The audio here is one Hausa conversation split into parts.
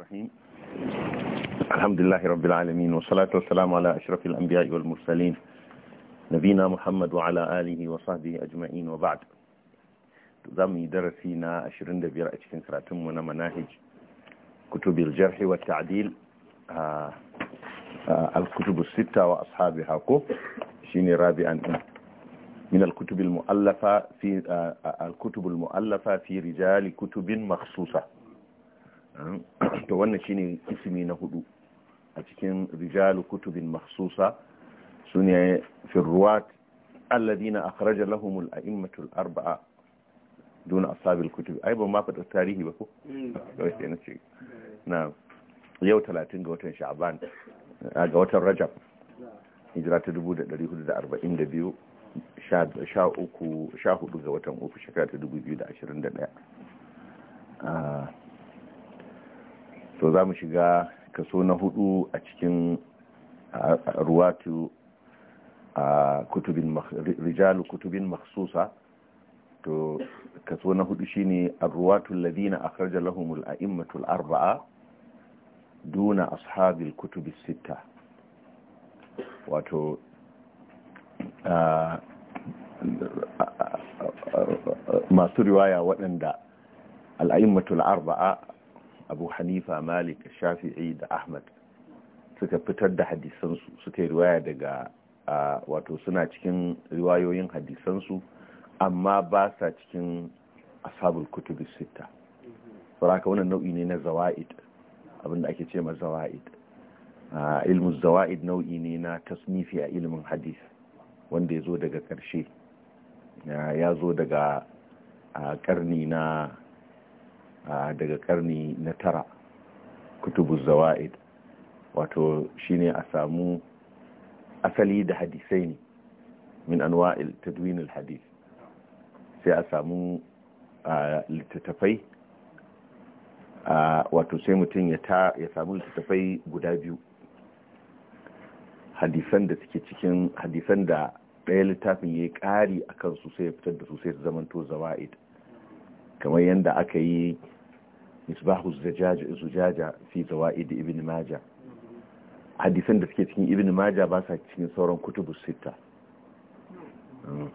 الرحيم الحمد لله رب العالمين والصلاة والسلام على أشرف الأنبياء والمرسلين نبينا محمد وعلى آله وصحبه أجمعين وبعد زمي درسينا أشرين دبير أشكين سراتم مناهج كتب الجرح والتعديل آه، آه، الكتب الستة وأصحابها كف شيني رابعا من الكتب المؤلفة في آه، الكتب المؤلفة في رجال كتب مخصوصة to wannan shine ismi na hudu a cikin rijalu kutubin mahsusa sune firruwat alladhina akhraja lahum al-a'immatul arba'a دون أصحاب الكتب أي ما فد التاريخ بكو نعم Yau 30 ga watan Sha'ban ga watan Rajab hijira ta 1442 sha 14 ga watan uku shekara ta 2021 to za mu shiga kaso na hudu a cikin ruwatu a kutubin rijalu kutubin maksusa to kaso na hudu shi ne shine arruwatu alladhina akhraja lahumul a immatul arbaa duna ashabil kutubi sita wato masu riwaya waɗanda al'a'immatu arbaa abu hanifa malik shafi'i da ahmad suka fitar da hadisansu suka yi riwaya daga wato suna cikin riwayoyin hadisansu amma ba sa cikin ashabul kutubi sita saboda wannan nau'i ne na zawa'id abinda ake ce ma zawa'id ilmu zawa'id nau'i ne na tasnifi a ilimin hadis wanda ya zo daga karshe ya zo daga karni na daga karni na tara kutubu zawa'id wato shine a samu asali da hadisai ne min anwa'il tadwin al hadis sai a samu littattafai wato sai mutum ya samu littattafai guda biyu hadisan da suke cikin hadisan da ɗaya littafin ya yi ƙari a kansu sai ya fitar da su sai su zamanto zawa'id kamar yadda aka yi misbahu zujaja fi zawaid ibn maja hadisan da suke cikin ibn maja ba cikin sauran kutubu sitta hmm.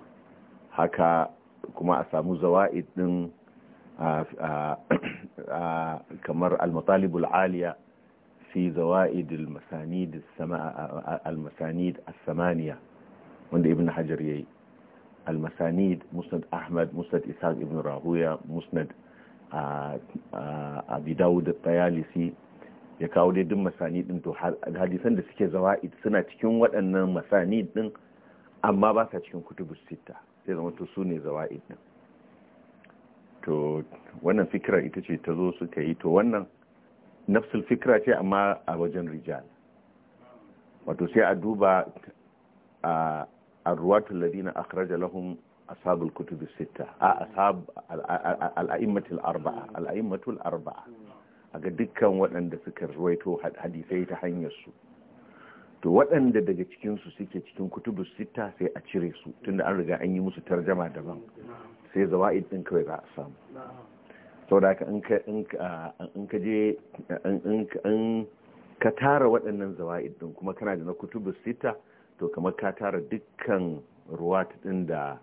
haka kuma a samu zawaid din kamar al-matalib al-aliya fi zawaid al-masanid wanda ibn hajar yayi al-masanid musnad ahmad musnad ishaq ibn rahuya musnad a bidawu da tsayalisi ya kawo dai duk masani din to hadisan da suke zawa'id suna cikin waɗannan masani din amma ba sa cikin kutubus sita sai zama to su ne zawa din to wannan fikira ita ce ta zo suka yi to wannan nafsul fikira ce amma a wajen rijal wato sai a duba a arwatul ladina akhraja lahum ashabul الكتب sitta a ashab al'a'immatul arba'a al'a'immatul arba'a ga dukkan waɗanda suka ruwaito hadisai ta hanyar to waɗanda daga cikin su suke cikin kutubus sitta sai a cire su tunda an riga an yi musu tarjama daban sai zawa'id din kawai za a samu saboda ka in ka je in ka tara waɗannan zawa'id din kuma kana da na kutubus sitta to kamar ka tara dukkan ruwa ɗin da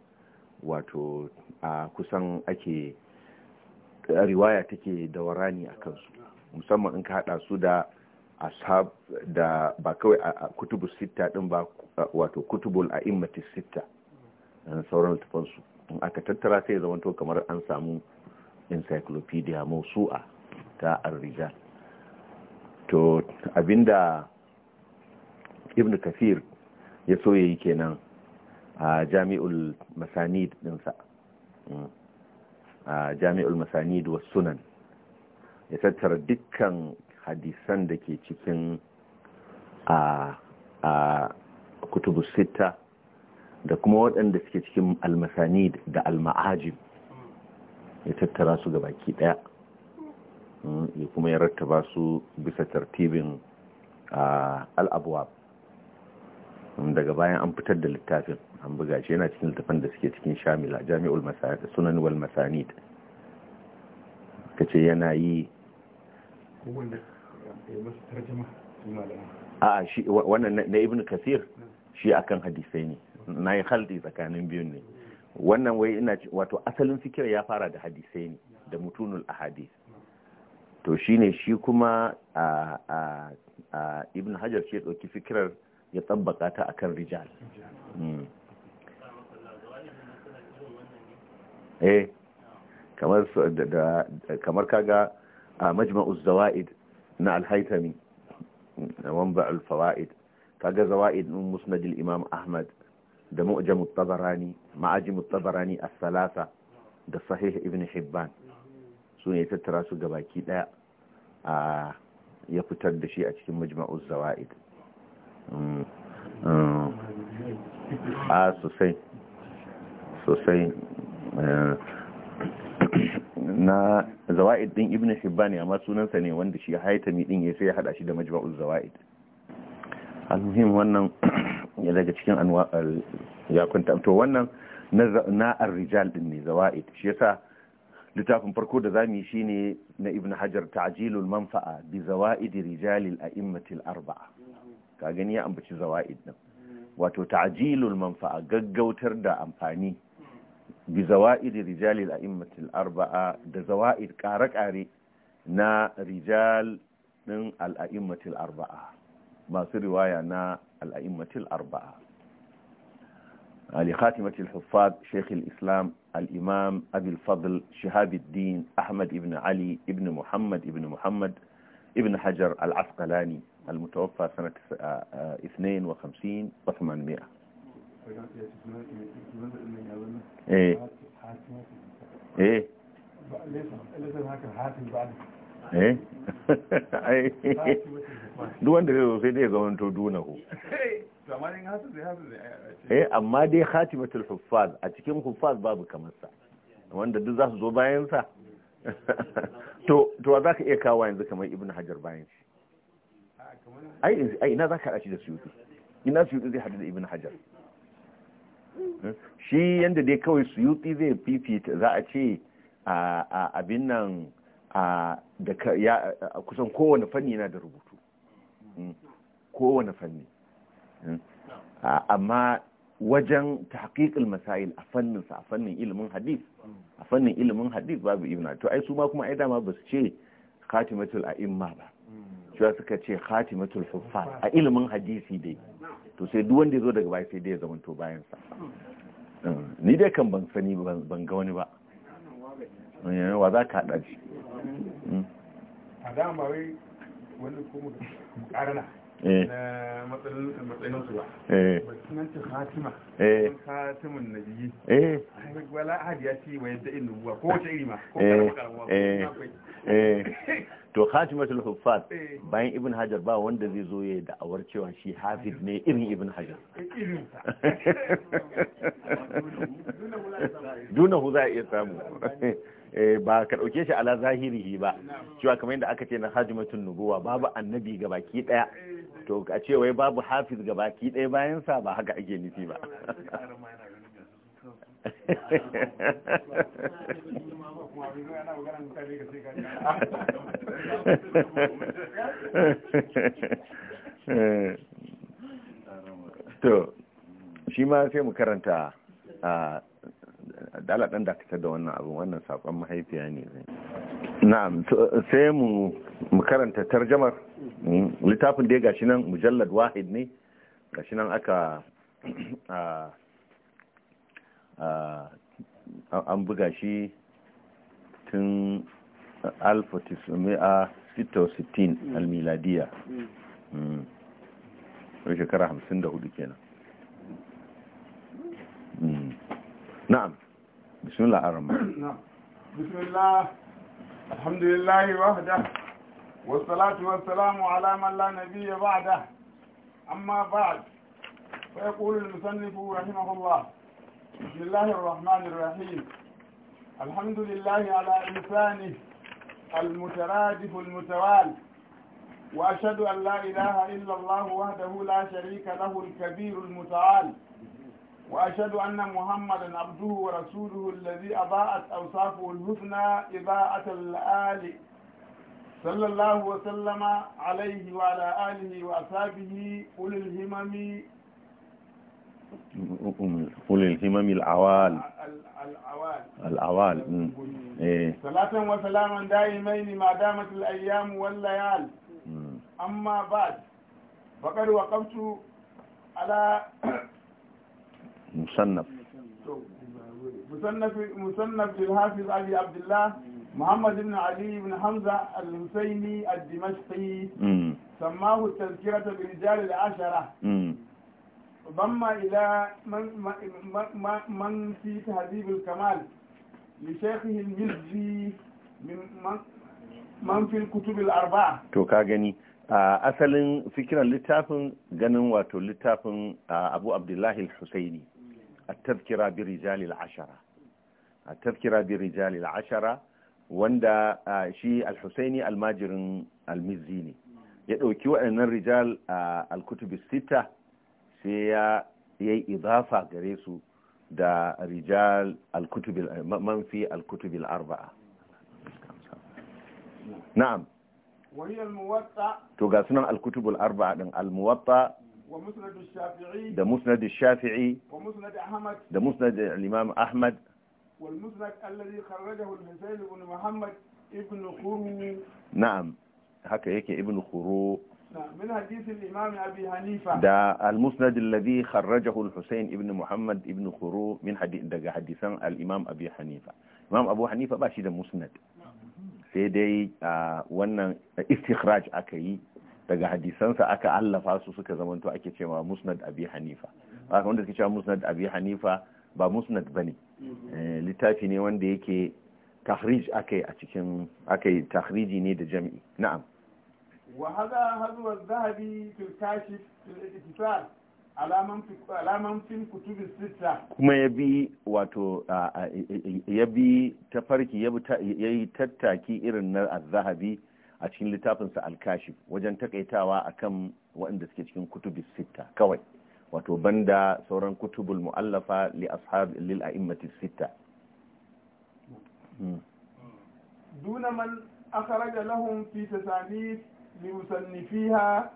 wato a kusan ake riwaya take dawarani a kansu musamman in ka hada su da ashab da ba kawai a kutubu sita din ba wato kutubul a immati sita eh, sauran littafansu in aka tattara sai zama to kamar an samu encyclopedia mausu'a ta al-riga. to abinda ibn kafir ya so yi kenan a jami'ul masanid dinsa, mm. a jami'ul masanid wa sunan ya tattara dukkan hadisan da ke cikin a kutubu sita da kuma waɗanda suke cikin almasanid da alma'ajib ya tattara su ga baki ɗaya mm. ya kuma ya rattaba su bisa tartibin al'abuwa daga bayan an fitar da littafin an buga shi yana cikin littafin da suke cikin shamila jami'ul masanid sunan wal masanid kace yana yi a'a shi wannan na ibnu kasir shi akan hadisai ne na yi haldi tsakanin biyun ne wannan wai ina wato asalin fikir ya fara da hadisai ne da mutunul ahadis to shine shi kuma a ibn hajar shi ya ɗauki fikirar ya tsabbaka ta a kan rijal hmm. eh kamar kaga a majma'uz zawaid na al na wamba al kaga zawaid nun musnadil imam ahmad da mu'jam at-tabarani ma'ajim tabarani salasa da sahih ibn hibban su ne tattara su gabaki daya a ya fitar da shi a cikin majma'uz zawaid Mm, mm. a ah, sosai sosai eh, na zawa'id din ibn hibban amma sunansa ne wanda shi haitami din ya sai ya hada shi da majma'ul zawa'id almuhim wannan ya daga cikin anwa'al ya kunta to wannan na ar-rijal din ne zawa'id shi yasa littafin farko da zamu yi shine na ibn hajar ta'jilul manfa'a bi zawa'id rijalil a'immatil arba'a ka gani ya ambaci zawa'id din wato ta'jilul manfa'a gaggautar da amfani bi zawa'id rijalil a'immatil arba'a da zawa'id kare-kare na rijal din al'a'immatil arba'a masu riwaya na al'a'immatil arba'a sheikh al islam al-imam أبي fadl شهاب ahmad ibn ali ibn muhammad ibn muhammad ibn hajar al asqalani المتوفى سنة 52 و800 ايه ايه eh duk wanda zai zo dai zamanto dunahu eh a cikin huffaz babu kamar sa wanda za su zo bayan to to za iya kawo yanzu kamar ibnu hajar bayan shi ai ina za ka haɗa da suyuti ina suyuti zai haɗu da ibn hajar hmm? shi yadda dai kawai suyuti zai fifita za a ce abin nan da kusan kowane fanni yana da rubutu hmm? kowane fanni hmm? amma wajen tahqiqul masail a fannin sa a fannin ilimin hadith a fannin ilimin hadith babu ibn to ai su ma kuma ai dama ba su ce khatimatul a'imma ba cewa suka ce khatimatul huffaz a ilimin hadisi dai to sai duk wanda ya zo daga baya sai dai ya to bayan sa eh, ni dai kan ban sani ban ga wani ba eh, wa za ka haɗa shi hmm. a dama wai wani kuma ƙarana. Eh. matsayin su ba to khatimatul eh. bayan ibn hajar ba wanda zai zo ya da'awar cewa shi hafid ne irin ibn hajar eh, hu za a iya samu ba ka ɗauke shi ala zahirihi ba cewa kamar yadda aka ce na hajimatun nubuwa babu annabi ga baki ɗaya to a ce wai babu hafiz ga baki ɗaya bayan sa ba haka ake nufi ba to shi ma sai mu karanta ah, a ɗan da da wannan abu wannan saƙon mahaifiya ne zai na'am sai mu karanta tarjamar mm, littafin da ya gashi nan mujallad wahid ne gashi nan aka an buga shi tun 1960 almiladiya mm. yau shekara 54 kenan mm. na'am bismillah ar-rahman bismillah الحمد لله وحده والصلاة والسلام على من لا نبي بعده أما بعد فيقول المصنف رحمه الله بسم الله الرحمن الرحيم الحمد لله على إنسانه المترادف المتوال وأشهد أن لا إله إلا الله وحده لا شريك له الكبير المتعال وأشهد أن محمدا عبده ورسوله الذي أضاءت أوصافه الحسنى إضاءة الآل صلى الله وسلم عليه وعلى آله وأصحابه أولي الهمم أولي الهمم العوال العوال العوال إيه. صلاة وسلاما دائمين ما دامت الأيام والليال أما بعد فقد وقفت على musannaf musannaf hafiz ali abdullah muhammad ibn ali hamza al-husaini al-dimashqi hmm. sammahu tazkirata bi rijal al-ashara ضم إلى من من من في تهذيب الكمال لشيخه المزي من من في الكتب الأربعة. تو كاغني أصلا فكرة لتافن جنن واتو لتافن أبو عبد الله الحسيني. at-tazkira bi rijalil ashara at-tazkira bi rijalil ashara wanda shi al almajirin al-mizzi ne ya ɗauki waɗannan rijal al-kutub sita sai ya yayi idafa gare su da rijal man fi al-kutub arbaa to ga sunan al-kutub arbaa din al-muwatta da musnad shafi'i da musnad imam ahmad والمسند الذي خرجه الحسين بن محمد ابن خرو نعم هكا هيك ابن خرو نعم من حديث الإمام أبي حنيفة ده المسند الذي خرجه الحسين ابن محمد ابن خرو من حديث ده حديثان الإمام أبي حنيفة الإمام أبو حنيفة باشي ده مسند sai dai wannan istikhraj aka yi daga hadisansa aka allafa su suka zamanto ake cewa musnad abi hanifa haka wanda suke cewa musnad abi hanifa ba musnad bane eh, littafi ne wanda yake tahrij akai a cikin akai tahriji ne da jami'i na'am wa hada hazwa zahabi fil kashif fil ittisal alaman fil kutubi sita kuma ya bi wato ya bi tafarki ya yi tattaki irin na zahabi a cikin littafinsa alkashi wajen takaitawa akan waɗanda suke cikin kutubi sitta kawai wato banda sauran kutubul mu'allafa li ashab lil a'immati sitta hmm. duna man akhraja lahum fi tasanif li musannifiha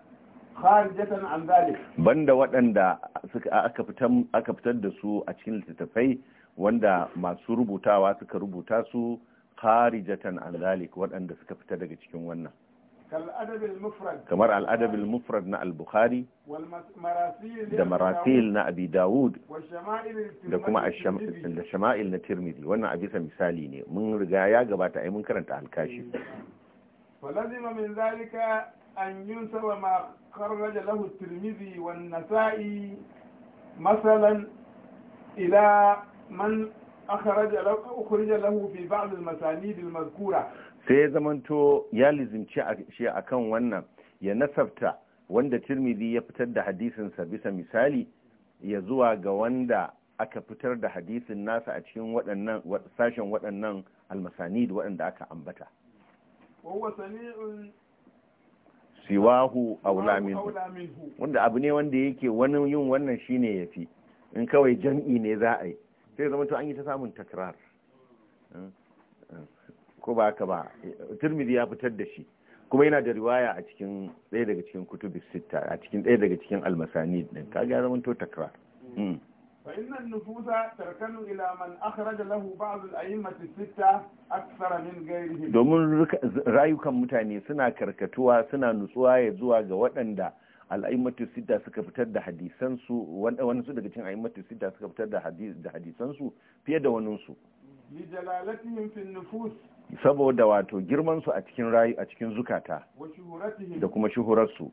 kharijatan an dhalik banda waɗanda aka fitar aka fitar da su a cikin littattafai wanda masu rubutawa suka rubuta su kharijatan an zalik waɗanda suka fita daga cikin wannan kamar al'adabil mufrad na al-bukhari da marasil na abi dawud da kuma da shama'il na tirmidhi wannan a bisa misali ne mun riga ya gabata ai mun karanta alkashi falazima eh. min zalika an ma kharraja lahu tirmidhi wan nasa'i masalan ila man sai ya zamanto ya lizimci shi akan wannan ya nasabta wanda tirmidhi ya fitar da hadisinsa bisa misali ya zuwa ga wanda aka fitar da hadisin nasa a cikin waɗannan sashen waɗannan almasanid waɗanda aka ambata siwahu aula minhu wanda abu ne wanda yake wani yin wannan shine yafi in kawai jam'i ne za a yi sai zama to an yi ta samun takrar ko ba haka ba turmidi ya fitar da shi kuma yana da riwaya a cikin ɗaya daga cikin kutubi sita a cikin ɗaya daga cikin almasani ɗin ka ga zama to takrar فإن النفوس تركن إلى من أخرج له بعض الأئمة الستة أكثر من غيرهم domin rayukan mutane suna karkatuwa suna nutsuwa ya zuwa ga waɗanda al'aimmatu sidda suka fitar da hadisansu wani su daga cikin al'aimmatu sidda suka fitar da hadisansu fiye da waninsu saboda wato girmansu a cikin rayu a cikin zukata da kuma shuhurarsu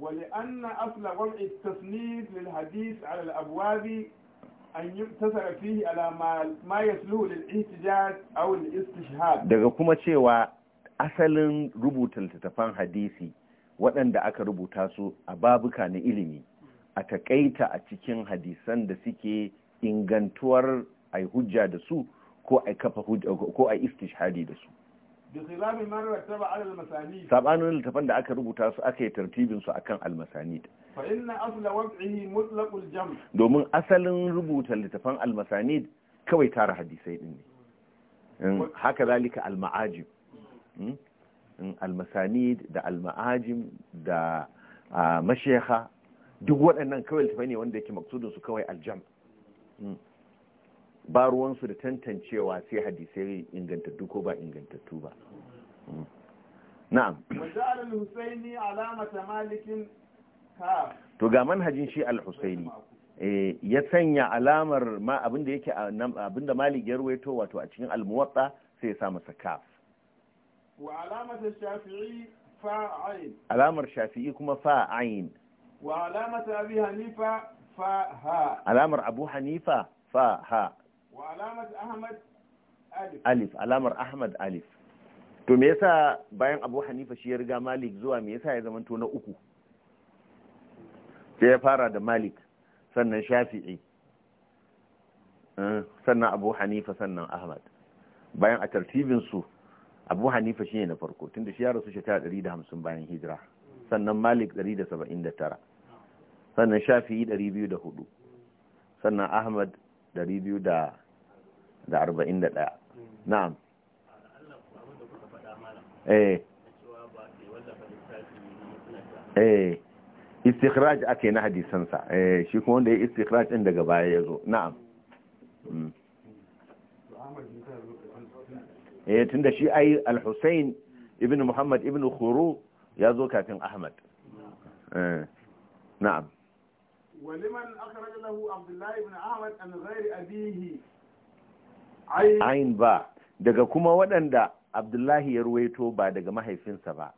ولأن أصل وضع التصنيف للحديث على الأبواب an yi tasara fihi ala ma yasluhu lil ihtijaj aw lil istishhad daga kuma cewa asalin rubuta littattafan hadisi waɗanda aka rubuta su a babuka na ilimi a takaita a cikin hadisan da suke ingantuwar a hujja da su ko a kafa hujja ko ai istishhadi da su sabanin littafan da aka rubuta su aka yi tartibin su akan almasanid domin asalin rubuta littafan almasanid kawai tara hadisai din ne hmm, haka zalika al-ma'ajib. Hmm, almasanid da alma'ajim da mashekha duk waɗannan kawai tafai ne wanda yake maksudin su kawai aljam hmm. ba ruwansu da tantancewa sai hadisai ingantattu ko ba ingantattu ba hmm. na'am to ga manhajin shi al-husaini eh, ya sanya alamar ma abinda yake abinda malik ya ruwaito wato a cikin al-muwatta sai ya sa masa kaf wa alamata shafi'i fa'ain alamar shafi'i kuma fa'ain wa alamata abi hanifa fa'ha alamar abu hanifa fa'ha wa alamata ahmad alif alamar ahmad alif to me yasa bayan abu hanifa shi ya riga malik zuwa me yasa ya zama na uku sai ya fara da malik sannan shafi'i eh, sannan abu hanifa sannan ahmad bayan a tartibinsu abu hanifa shi ne na farko tunda shi ya rasu shekara 150 bayan hijira sannan malik 179 sannan da 204 sannan ahmad 241 na'am eh eh istikhraj ake na hadisansa eh shi kuma wanda ya istikhraj ɗin daga baya ya zo. na'am hmm. eh tunda shi ai al hussein ibn Muhammad ibn Khuru ya zo kafin Ahmad eh, na'am waliman akhraj lahu Abdullah ibn Ahmad an ghairi abihi ayn ba daga kuma waɗanda Abdullahi ya ruwaito ba daga mahaifinsa ba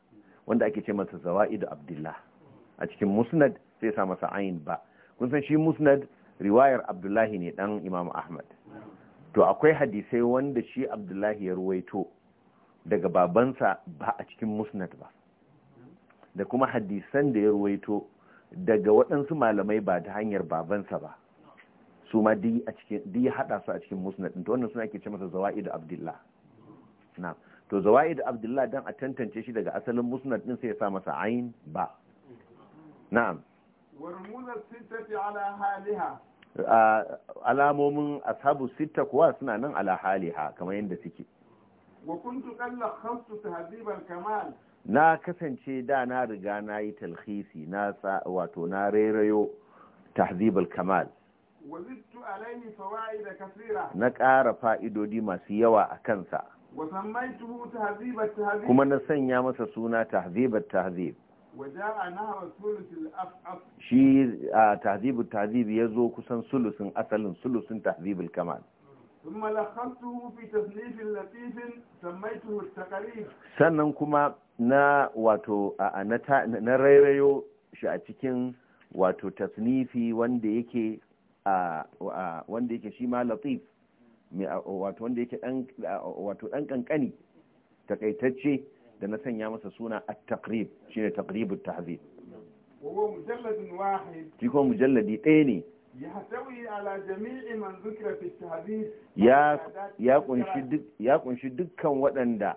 wanda ake ce masa Zawa'id Abdullah a cikin Musnad sai sa masa ayin ba kun san shi Musnad riwayar Abdullahi ne dan Imam Ahmad to akwai hadisai wanda shi abdullahi ya ruwaito daga babansa ba a cikin musnad ba da kuma hadisan da ya ruwaito daga waɗansu malamai ba ta hanyar babansa ba su ma di ya haɗa su a cikin musnad to wannan suna ke ce masa zawa'i da abdullah na to zawa'i da abdullah don a tantance shi daga asalin musnad ɗin sai ya sa masa ayin ba na'am warmuna tafi ala haliha alamomin ashabu sita kuwa suna nan ala ha kamar yadda suke wa kuntu qalla tahziban kamal na kasance da na riga na yi talhisi na wato na rairayo tahzibul kamal na ƙara fa'idodi masu yawa a kansa kuma na sanya masa suna tahzibar tahzib shi a tahzibu tahzib ya zo kusan sulusun asalin sulusun tahzibul kamal sannan kuma na wato na rairayo shi a cikin wato tasnifi wanda yake wanda yake shi ma latif wato wanda yake dan wato dan kankani takaitacce da na sanya masa suna at-taqrib shi ne at-tahzib wa mujalladun wahid shi ko mujalladi ɗaya ne ya kunshi dukkan waɗanda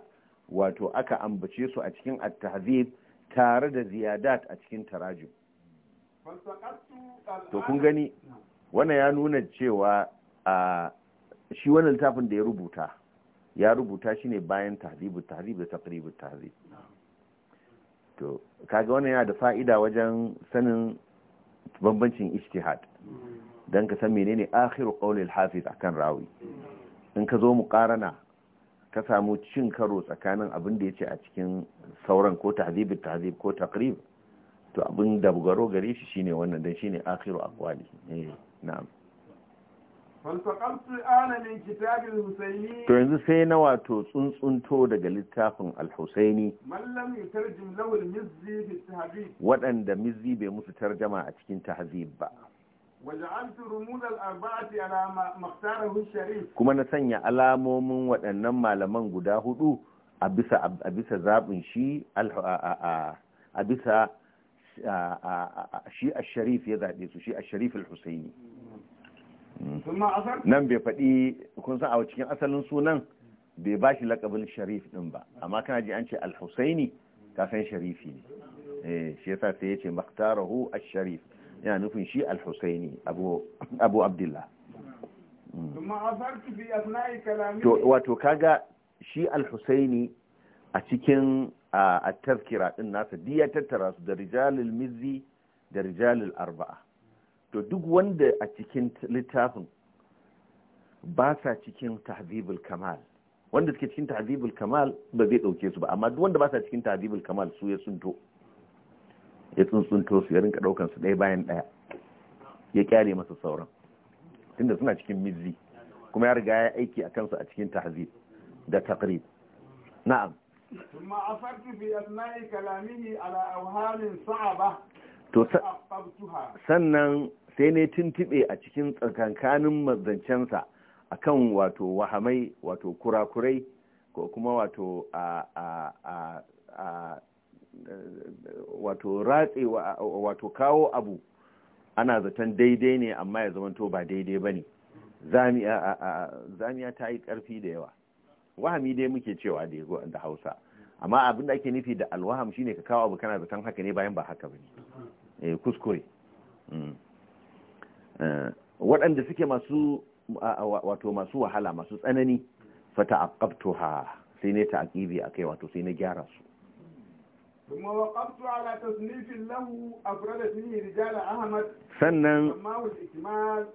wato aka ambace su a cikin at-tahzib tare da ziyadat a cikin tarajim to kun gani wannan ya nuna cewa shi wannan littafin da ya rubuta ya rubuta shi ne bayan tahribu tahribu da takribu tahrib to kaga wannan yana da fa'ida wajen sanin bambancin ijtihad dan ka san menene akhiru qawli al-hafiz akan rawi in ka zo mu karana ka samu cin karo tsakanin abin da yace a cikin sauran ko tahribu tahribu ko taqrib to abin da bugaro gare shi shine wannan dan shine akhiru aqwali eh na'am To yanzu sai na wato tsuntsunto daga littafin Al-Husaini. Waɗanda mizzi bai musu tarjama a cikin tahzib ba. Kuma na sanya alamomin waɗannan malaman guda hudu a bisa zaɓin shi a bisa shi a sharif ya zaɓe su shi a sharif al-Husaini. nan bai faɗi kun san a cikin asalin sunan bai ba shi lakabin sharif ɗin ba amma kana ji an ce al-husaini ka san sharifi ne eh, shi yasa sai ya ce maktarahu al-sharif yana nufin shi al abu abdullah mm. wato kaga shi al a cikin a tafkira din nasa diya tattara su da rijalil mizzi da rijalul arba'a to duk wanda a cikin littafin ba sa cikin tahzibul kamal wanda suke cikin tahzibul kamal ba zai dauke su ba amma duk wanda ba sa cikin tahzibul kamal su ya sunto ya tsuntsunto su ya rinka daukan su ɗaya bayan ɗaya ya kyale masa sauran tunda suna cikin mizzi kuma ya riga ya aiki a kansu a cikin tahzib da taqrib na'am ثم عثرت في أثناء كلامه على أوهام صعبة to sannan sai ne tuntube a cikin tsakankanin mazancensa a kan wato wahamai wato kurakurai ko kuma wato a a a a wato ratse wato kawo abu ana zaton daidai ne amma ya zamanto ba daidai ba ne zamiya ta yi ƙarfi da yawa wahami dai muke cewa da da hausa amma abin da ake nufi da alwaham shine ka kawo abu kana zaton haka ne bayan ba haka ba ne eh, kuskure hmm. Eh, waɗanda suke masu wato masu wahala masu tsanani fata akabto ha sai ne ta akibi a kai wato sai na gyara su kuma waqaftu ala tasnifin lahu afrada fi rijal ahmad sannan amma wal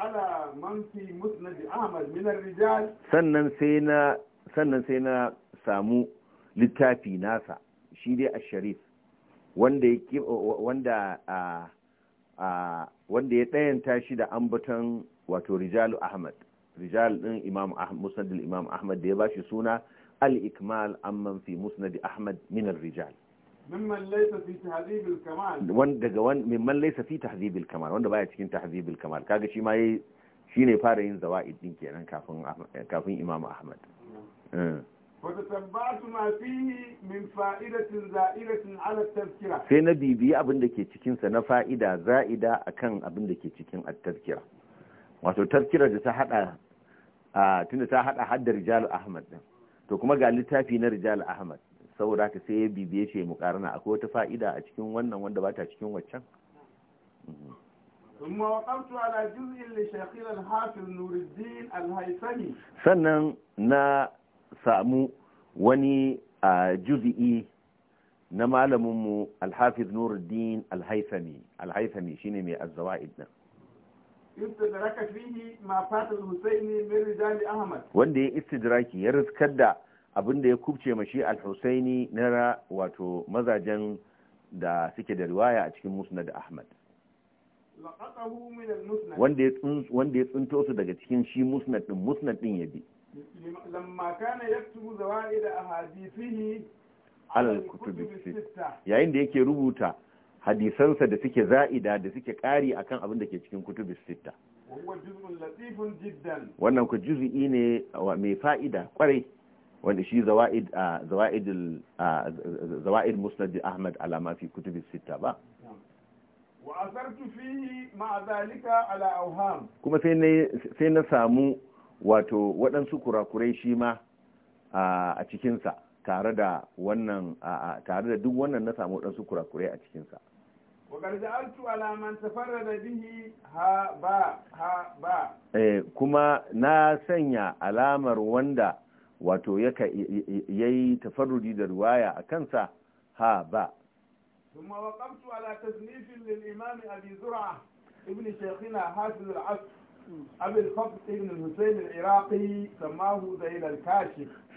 ala man fi musnad ahmad min ar rijal sannan sai na sannan sai na samu littafi nasa shi dai ash-sharif wanda yake wanda a uh, wanda ya ɗayanta shi da ambaton wato rijalu ahmad rijal ɗin imam musnadul imam ahmad da ya ba shi suna al-ikmal amman fi musnad ahmad min rijal mimman laysa fi tahzib al-kamal wanda daga wani mimman laysa fi tahzib al-kamal wanda baya cikin tahzib al-kamal kaga shi ma yayi shine fara yin zawaid din kenan kafin kafin imam ahmad mm. Mm. وتتبعت ما فيه من فائدة زائدة على التذكرة sai na bibiyi abin da ke cikinsa na fa'ida za'ida akan abin da ke cikin at-tazkira wato tazkira da ta hada a tunda ta hada haddar rijal ahmad din to kuma ga littafi na rijal ahmad saboda ka sai ya bibiye shi mu karana akwai wata fa'ida a cikin wannan wanda ba ta cikin waccan ثم وقفت على جزء لشيخنا الحافظ نور الدين الهيثمي sannan na samu wani a juzi'i na malaminmu alhafiz nuruddin alhaifami alhaifami shine mai azzawa'id Ahmad. wanda ya istidraki ya riskar da abin da ya kubce mashi alhusaini na wato mazajen da suke da riwaya a cikin musnad ahmad wanda ya tsinto su daga cikin shi musnad din musnad din ya bi lamma kana yaktubu zawaid ahadithihi ala kutubi sita yayin da yake rubuta hadisansa da suke za'ida da suke kari akan abin da ke cikin kutubi sita wannan ku juz'i ne mai fa'ida kwarai wanda shi zawaid zawaid zawaid musnad ahmad ala ma fi kutubi sita ba wa asartu fihi ma dhalika ala awham kuma sai na samu wato waɗansu kurakurai shi ma a cikinsa tare da wannan tare da duk wannan na samu waɗansu kurakurai a cikinsa eh, kuma na sanya alamar wanda wato ya yi tafarrudi da ruwaya a kansa ha ba ثم وقفت على تصنيف للإمام أبي زرعة ابن شيخنا حافظ العصر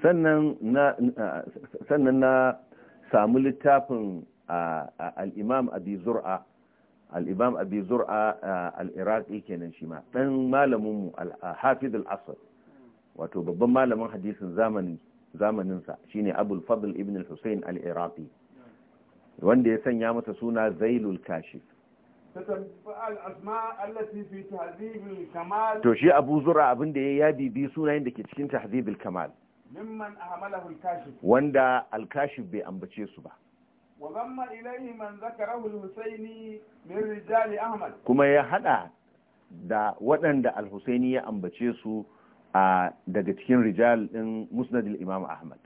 sannan na samu littafin al-imam abi zur'a al-imam abi kenan shi dan malamin mu al wato babban malamin hadisin zamaninsa shine abul fadl ibn al-husayn wanda ya sanya masa suna zailul kashif Ta tafi al'adu ma Allah tifi ta Habibu Kamal. abinda ya yi yabibi sunayen da ke cikin ta Habibu Kamal. Liman a amala kashif. Wanda Alkashif bai ambace su ba. Wazan Ma'ilali ma zaka rahu Lissani min rijali Ahmad. Kuma ya haɗa da waɗanda Al-Husseini ya ambace su daga cikin rijal ɗin Musnadin Imam Ahmad.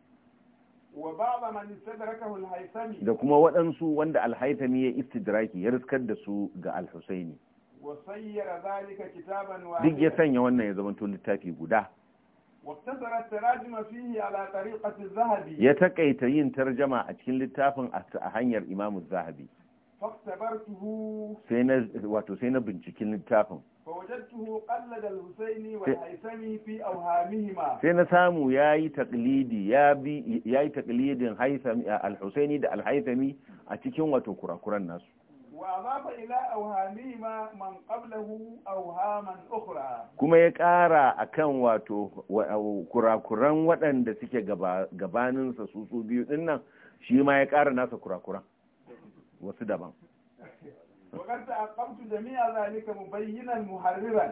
da kuma waɗansu wanda alhaitami ya istidraki ya riskar da su ga alhusaini duk ya sanya wannan ya zama littafi guda ya taƙaita yin tarjama a cikin littafin a hanyar imamu zahabi sai na wato sai na binciken littafin sai na samu ya yi taklidi ya yi taklidin al-husaini da al a cikin wato kurakuran nasu kuma ya ƙara a kan wato kurakuran waɗanda suke gabaninsa su su biyu ɗin nan shi ma ya ƙara nasa kurakuran wasu daban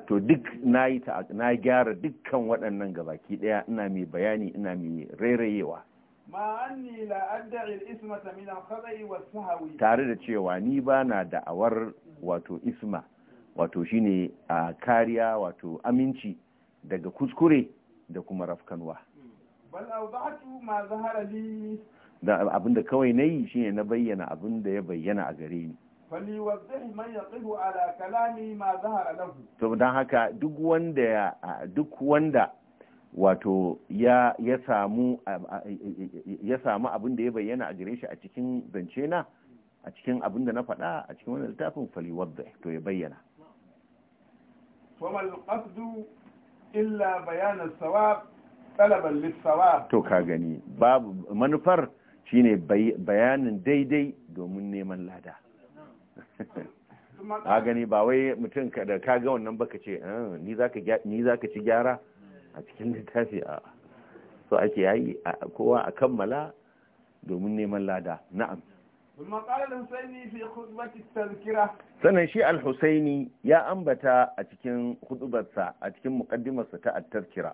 to duk na yi na gyara dukkan waɗannan gabaki ɗaya ina mai bayani ina mai rairayewa tare da cewa ni ba na da'awar wato isma wato shine a kariya wato aminci daga kuskure da kuma rafkanwa bal awdahtu ma zahara li da abin da kawai na yi shine na bayyana abin da ya bayyana a gare ni to don haka duk wanda duk wanda wato ya samu ya samu abin da ya bayyana a gare shi a cikin zance na a cikin abin da na faɗa a cikin wannan littafin fali wadda to ya bayyana illa bayanin sawab talaban lissawab to ka gani babu manufar shine bayanin daidai domin neman lada a gani ba wai mutum da ka ga wannan baka ce ah, ni za ka ci gyara a cikin littafi a so ake yayi kowa a kammala domin neman lada na'am sannan shi al-husaini ya ambata a cikin hudubarsa a cikin mukaddimarsa ta at-tazkira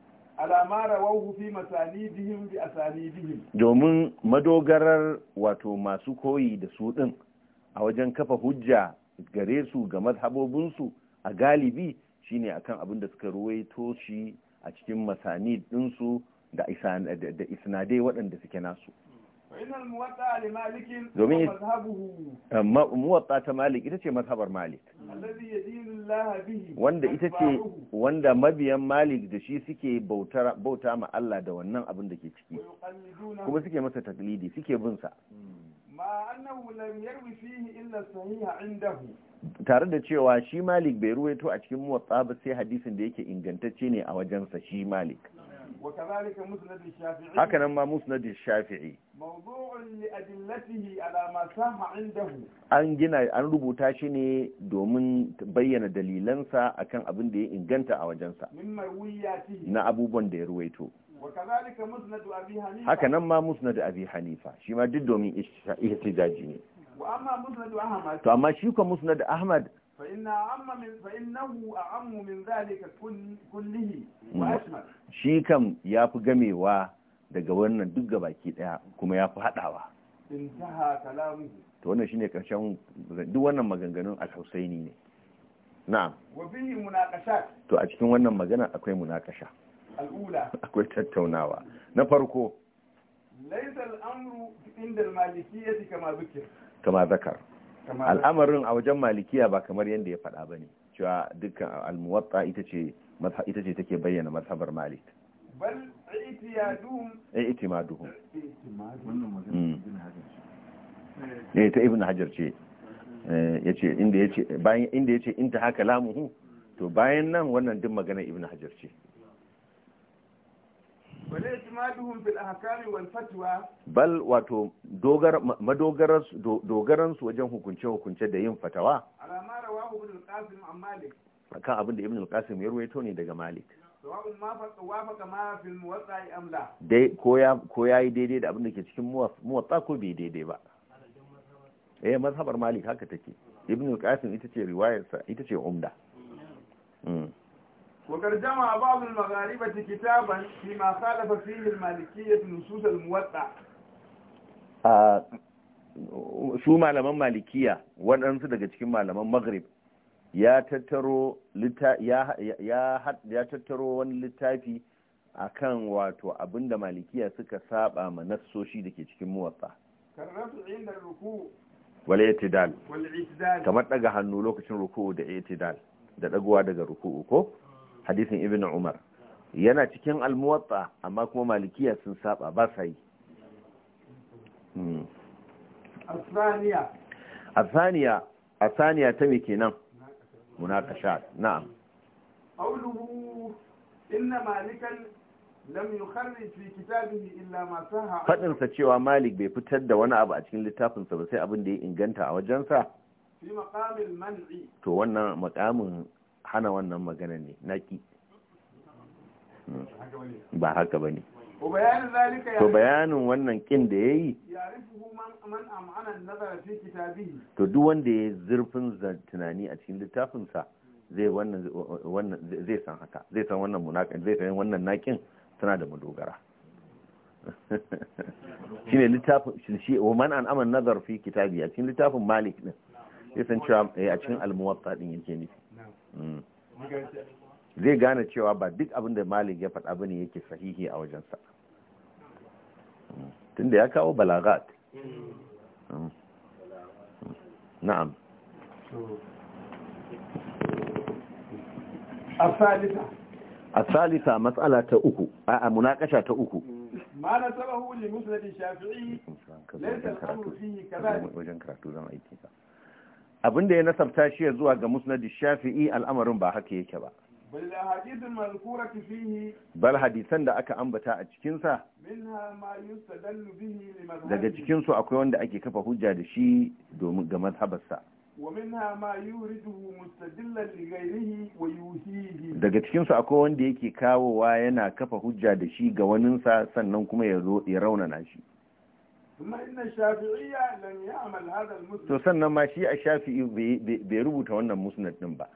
alamara wahu fi masanidihim bi asanidihim domin madogarar wato masu koyi da su din a wajen kafa hujja gare su ga mazhabobin su a galibi shine akan abin da suka ruwaito shi a cikin masanid ɗinsu su da isnadai waɗanda suke nasu domin muwatta ta malik ita ce mazhabar malik wanda ita ce wanda mabiyan malik da shi suke bauta ma Allah da wannan abin da ke ciki kuma suke masa taklidi suke bin sa tare da cewa shi malik bai ruwaito a cikin muwatta ba sai hadisin da yake ingantacce ne a wajensa shi malik وكذلك مسند الشافعي هكذا ما مسند الشافعي موضوع لأدلته على ما ساح عنده أن جنا أن ربوتا شيني دومن بين دليلنسا أكن أبن دي إنجنتا أو جنسا من مروياته نا أبو بندي رويتو وكذلك مسند أبي حنيفة هكذا ما مسند أبي حنيفة شما جد دومن إحتجاجيني وأما مسند أحمد فأما شيكا مسند أحمد shi kam ya fi gamewa daga wannan duk ga baki daya kuma ya fi haɗawa to wannan shine karshen duk wannan maganganun a husaini ne na'am to a cikin wannan magana akwai munakasha akwai tattaunawa na farko laisar amru inda malikiyar kama kama zakar al'amarin a wajen malikiya ba kamar yadda ya faɗa ba ne cewa dukkan almuwatta ita ce ita ce take bayyana mazhabar malik bal eh, itimaduhum ne hmm. eh, ta ibn hajar ce eh, yace inda yace bayan inda yace inta haka lamuhu to bayan nan wannan duk magana ibn hajar ce bal wato su wajen hukunce-hukunce da yin fatawa kan abin da ibn qasim ya ruwaito ne daga malik ko ya yi daidai da abin da ke cikin muwatsa ko bai daidai ba eh mazhabar malik haka take ibn qasim ita ce riwayarsa ita ce umda hmm. وقد جمع بعض المغاربة كتابا فيما خالف فيه المالكية نصوص الموطأ su malaman malikiya waɗansu daga cikin malaman maghrib ya tattaro wani littafi akan wato abinda malikiya suka saba ma nassoshi da ke cikin muwatsa wal itidal kamar daga hannu lokacin ruku'u da itidal da dagowa daga ruku'u ko hadisin ibn umar yana cikin almuwatta amma kuma malikiya sun saba ba sa yi hmm. A Saniya ta mai kenan munakashat na'am qawluhu inna malikan lam fi kitabihi illa cewa malik bai fitar da wani abu a cikin littafinsa ba sai abin da ya inganta a wajensa fi man'i to wannan makamin. hana wannan magana ne naki hmm. ba haka ba ne to bayanin wannan kin da ya yi to duk wanda ya zurfin tunani a cikin littafinsa zai san haka zai san wannan munakan zai san wannan nakin tana da madogara shine littafin shi wa man an aman nazar fi kitabi a cikin littafin malik din sai san cewa eh, a cikin al-muwatta din yake nufi Mm. zai gane cewa ba duk abin da malin ya faɗa bane yake sahihi a wajensa mm. tunda ya kawo balagat mm. na'am a salisa matsala ta uku a munakasha ta uku ma na sabahu ne musnad shafi'i laysa al-amru fihi wajen karatu zama aikinsa Abin da ya nasabta shi zuwa ga musnadi shafi'i al'amarin ba haka yake ba bal hadisan da aka ambata a cikinsa daga cikinsu akwai wanda ake kafa hujja da shi domin ga mazhabarsa daga cikinsu akwai wanda yake kawowa yana kafa hujja da shi ga waninsa sannan kuma ya raunana shi to sannan ma shi a shafi'i bai rubuta wannan musnad din ba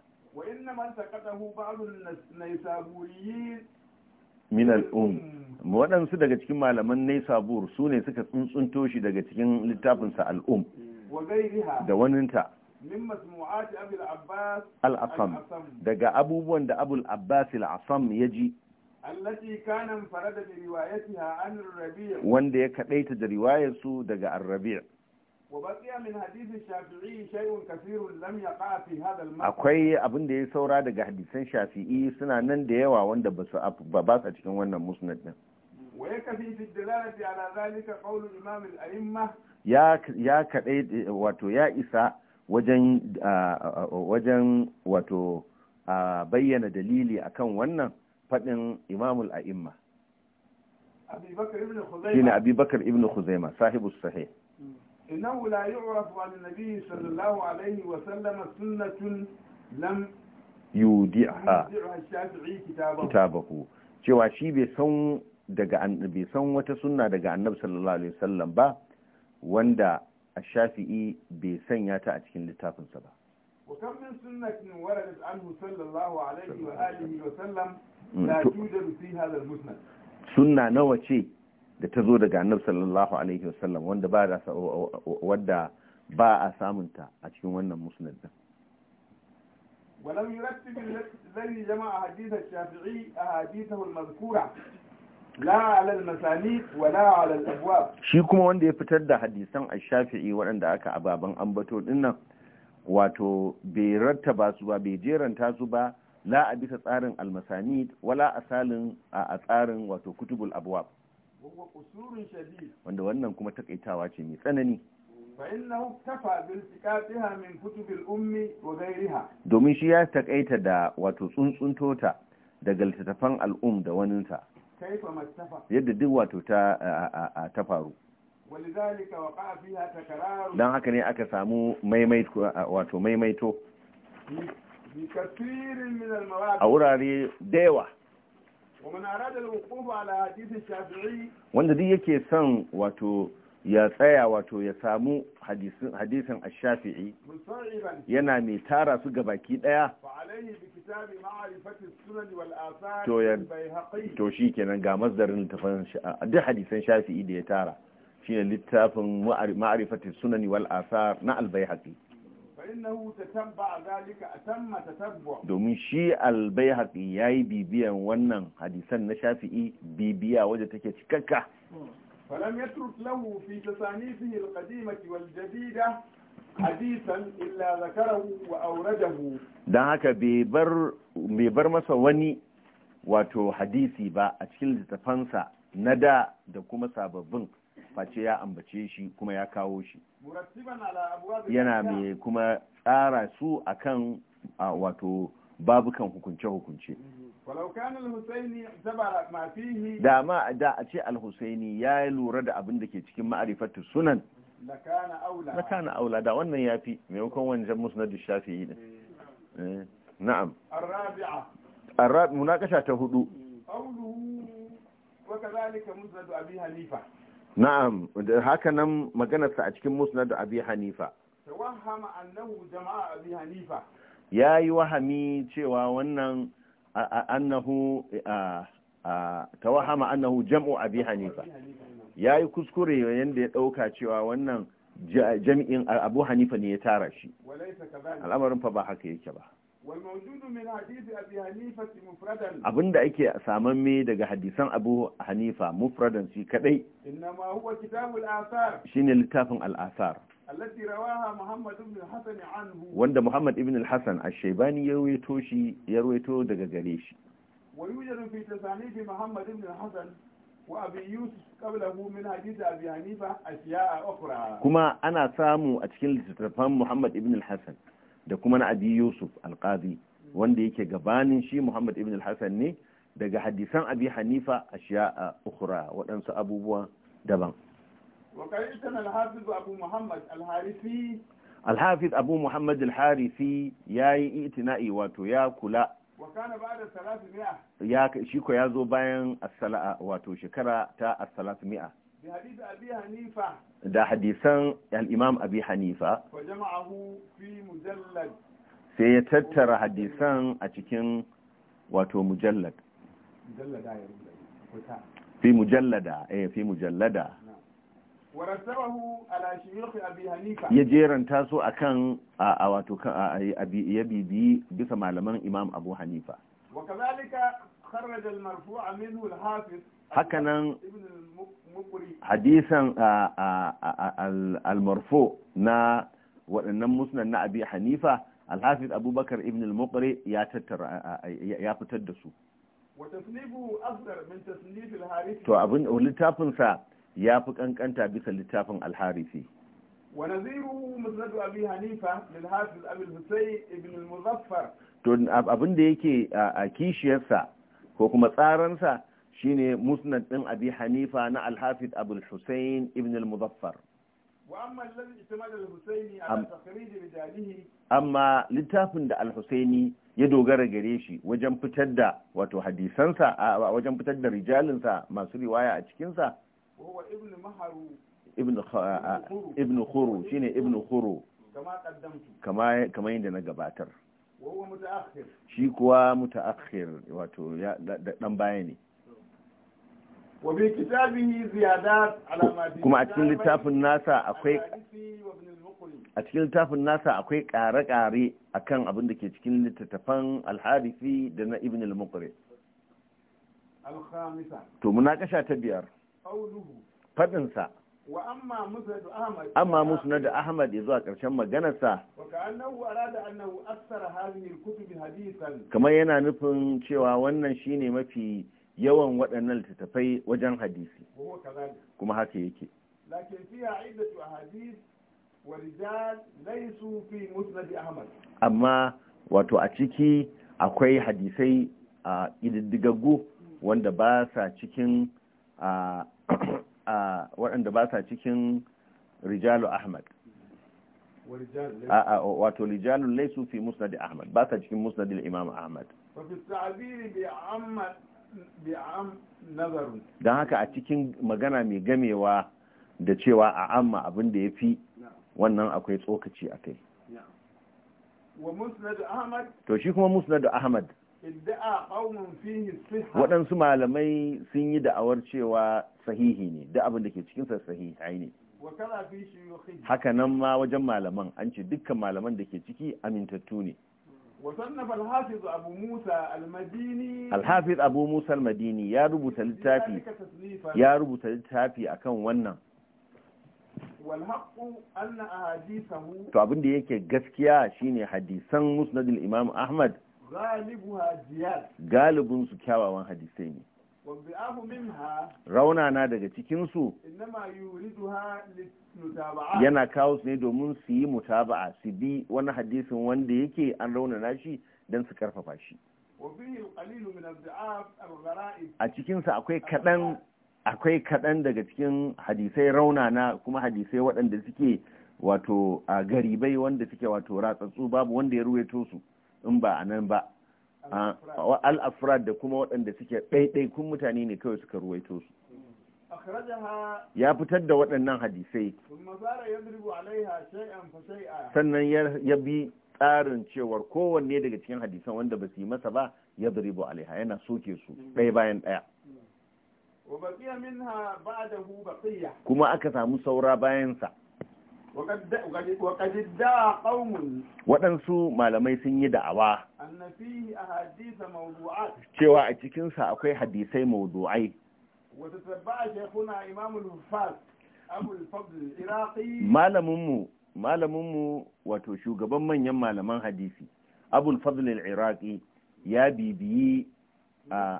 min um waɗansu daga cikin malaman naisabur su ne suka tsuntsunto shi daga cikin littafinsa al'um eh, da waninta al daga abubuwan da abul abbas asam ya ji allati kanan farada bi riwayatiha an ar-rabi' wanda ya kadaita da su daga ar-rabi' wa baqiya shafii shay'un kathirun lam yaqa fi hadha al-mawdu' akwai abin da ya saura daga hadisan shafi'i suna nan da yawa wanda ba su cikin wannan musnad ɗin. wa yaka fi tijdalati ala zalika qawl imam al-a'imma ya ya kadai wato ya isa wajen wajen wato bayyana dalili akan wannan faɗin imamul a'imma shi abubakar ibn khuzaima sahibu Sahi. إنه لا يعرف عن النبي Sallallahu alaihi wa sallama سنة لم يودعها الشافعي كتابه cewa shi bai san daga annabi san wata sunna daga annabi sallallahu alaihi wasallam ba wanda ash-shafi'i bai sanya ta a cikin littafinsa ba wa kam min sunnatin waradat anhu sallallahu alaihi wa alihi wa sallam Mm, sunna nawa ce da ta zo daga annabi sallallahu alaihi wasallam wanda ba da wanda ba a samunta a cikin wannan musnad din ولم يرتب الذي جمع حديث الشافعي أحاديثه المذكورة لا على المسانيد ولا على الأبواب shi kuma wanda ya fitar da hadisan ash-Shafi'i waɗanda aka ababan ambato dinnan wato bai rattaba su ba bai jeranta su ba la a bisa tsarin almasanid wala asalin a tsarin wato kutubul abwab wanda wannan kuma takaitawa ce mai tsanani domin shi ya takaita da wato tota daga littattafan al'um da waninsa yadda duk wato ta faru don haka ne aka samu maimaito a wurare da yawa wanda duk yake son wato ya tsaya wato ya samu hadisin shafi'i, yana mai tara su ga baki daya to shi kenan ga mazdarin tafan duk hadisan shafi'i da ya tara shine littafin ma'arifatis sunani wal asar na haƙi domin shi albai haƙi ya yi bibiyan wannan hadisan na shafi'i bibiya wadda take cikakka falam ya turk lahu fi tasanifihi alqadimati wal da hadisan illa da zakarahu wa awradahu Don haka bai bar masa wani wato hadisi ba a cikin littafansa na da da kuma sababbin face ya ambace shi kuma ya kawo shi yana mai kuma tsara su akan wato babukan hukunce-hukunce mm-hmm. da ma da a ce al-husaini ya lura da abin da ke cikin ma'arifatu sunan lakana aula da wannan ya fi maimakon da shafi yi ne eh, na'am arrabi'a munakasha ta hudu mm. na'am haka nan maganarsa a cikin musnad da abi hanifa tawahama annahu yayi wahami cewa wannan annahu tawahama annahu jam'u abi hanifa yayi kuskure yanda ya ɗauka cewa wannan jami'in abu hanifa ne ya tara shi al'amarin fa ba haka yake ba abinda ake saman me daga hadisan abu hanifa mufradan shi kadai shine littafin al'asar wanda muhammad ibn al-hassan a shaibani ya rawaito shi ya rawaito daga gare shi ويوجد في تصانيف محمد بن الحسن وابي يوسف قبله من حديث ابي حنيفه اشياء اخرى كما انا سامو a cikin littattafan muhammad ibn da kuma na abi yusuf alqadi wanda yake gabanin shi muhammad ibn al-hasan ne daga hadisan abi hanifa a a ukhra waɗansu abubuwa daban alhafiz abu muhammad al-harifi ya yi itina'i wato ya kula ya shi ko ya zo bayan wato shekara ta as-salatu da hadisan al'imam abi hanifa sai ya tattara hadisan a cikin wato mujallad fi mujallada eh fi mujallada ya jeranta su akan a wato ya bibi bisa malaman imam abu hanifa وخرج المرفوع منه الحافظ hakanan hadisan al-marfu na waɗannan musnad na abi hanifa al abubakar ibn al-muqri ya fitar da su to abin ya fi kankanta bisa littafin al-harifi ونظيره مسند أبي حنيفة للحافظ أبي to abin yake a kishiyarsa ko kuma tsaransa shi ne musnad ɗin abi hanifa na alhafi abul husayn ibn al-muzaffar amma littafin da al-husaini ya dogara gare shi wajen fitar da wato hadisansa a wajen fitar da rijalinsa masu riwaya a cikinsa ibn khuru shine ibn khuru kama yadda na gabatar shi kuwa mutaakhir wato ya dan baya ne kuma a cikin littafin nasa akwai a cikin littafin nasa akwai ƙare kare akan abin da ke cikin littattafan alharifi da na ibn al-muqri to kasha ta biyar faɗinsa amma musnad da ahmad ya zuwa ƙarshen maganarsa kamar yana nufin cewa wannan shine mafi yawan waɗannan littattafai wajen hadisi kuma haka yake amma wato a ciki akwai hadisai a ƙididdigaggu hmm. wanda ba sa cikin A waɗanda ba sa cikin rijalu ahmad wato rijalun laisu fi musnadi ahmad ba sa cikin musnad imam ahmad don haka a cikin magana mai gamewa da cewa a amma abin da ya fi wannan akwai tsokaci a kai to shi kuma musnad ahmad waɗansu malamai sun yi da'awar cewa sahihi ne duk abin da ke cikin sa sahihai ne haka nan ma wajen malaman an ce dukkan malaman da ke ciki amintattu ne Alhafiz Abu Musa al-Madini ya rubuta littafi ya rubuta littafi akan wannan to abin da yake gaskiya shine hadisan musnadil Imam Ahmad galibun su kyawawan hadisai ne raunana daga cikinsu yana kawo su ne domin su yi mutaba'a su bi wani hadisin wanda yake an raunana shi don su karfafa shi a cikinsa akwai kaɗan akwai kaɗan daga cikin hadisai raunana kuma hadisai waɗanda suke wato a garibai wanda suke wato ratsatsu babu wanda ya ruwaito su in ba a nan ba al-afrad da kuma waɗanda suke ɗaiɗaikun mutane ne kawai suka ruwaito su ya fitar da waɗannan hadisai sannan ya bi tsarin cewar kowanne daga cikin hadisan wanda ba su yi masa ba ya zuribu alaiha yana soke su ɗaya bayan ɗaya kuma aka samu saura bayansa waɗansu malamai sun yi da'awa cewa a cikinsa akwai hadisai maudu'ai malaminmu malaminmu wato shugaban manyan malaman hadisi abul fadl al-iraqi ya bibiyi Ah.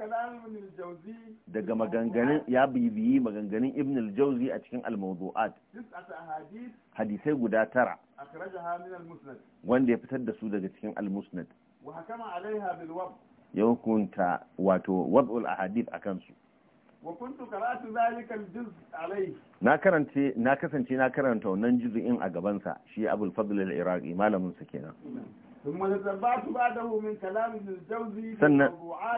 daga maganganun ya bibiyi maganganun ibn al-jawzi a cikin al-mawdu'at hadisai guda tara wanda ya fitar da su daga cikin al-musnad ya hukunta wato wab'ul ahadith akan su na karance na kasance na karanta wannan juz'in a gabansa shi abul fadl al-iraqi malamin sa kenan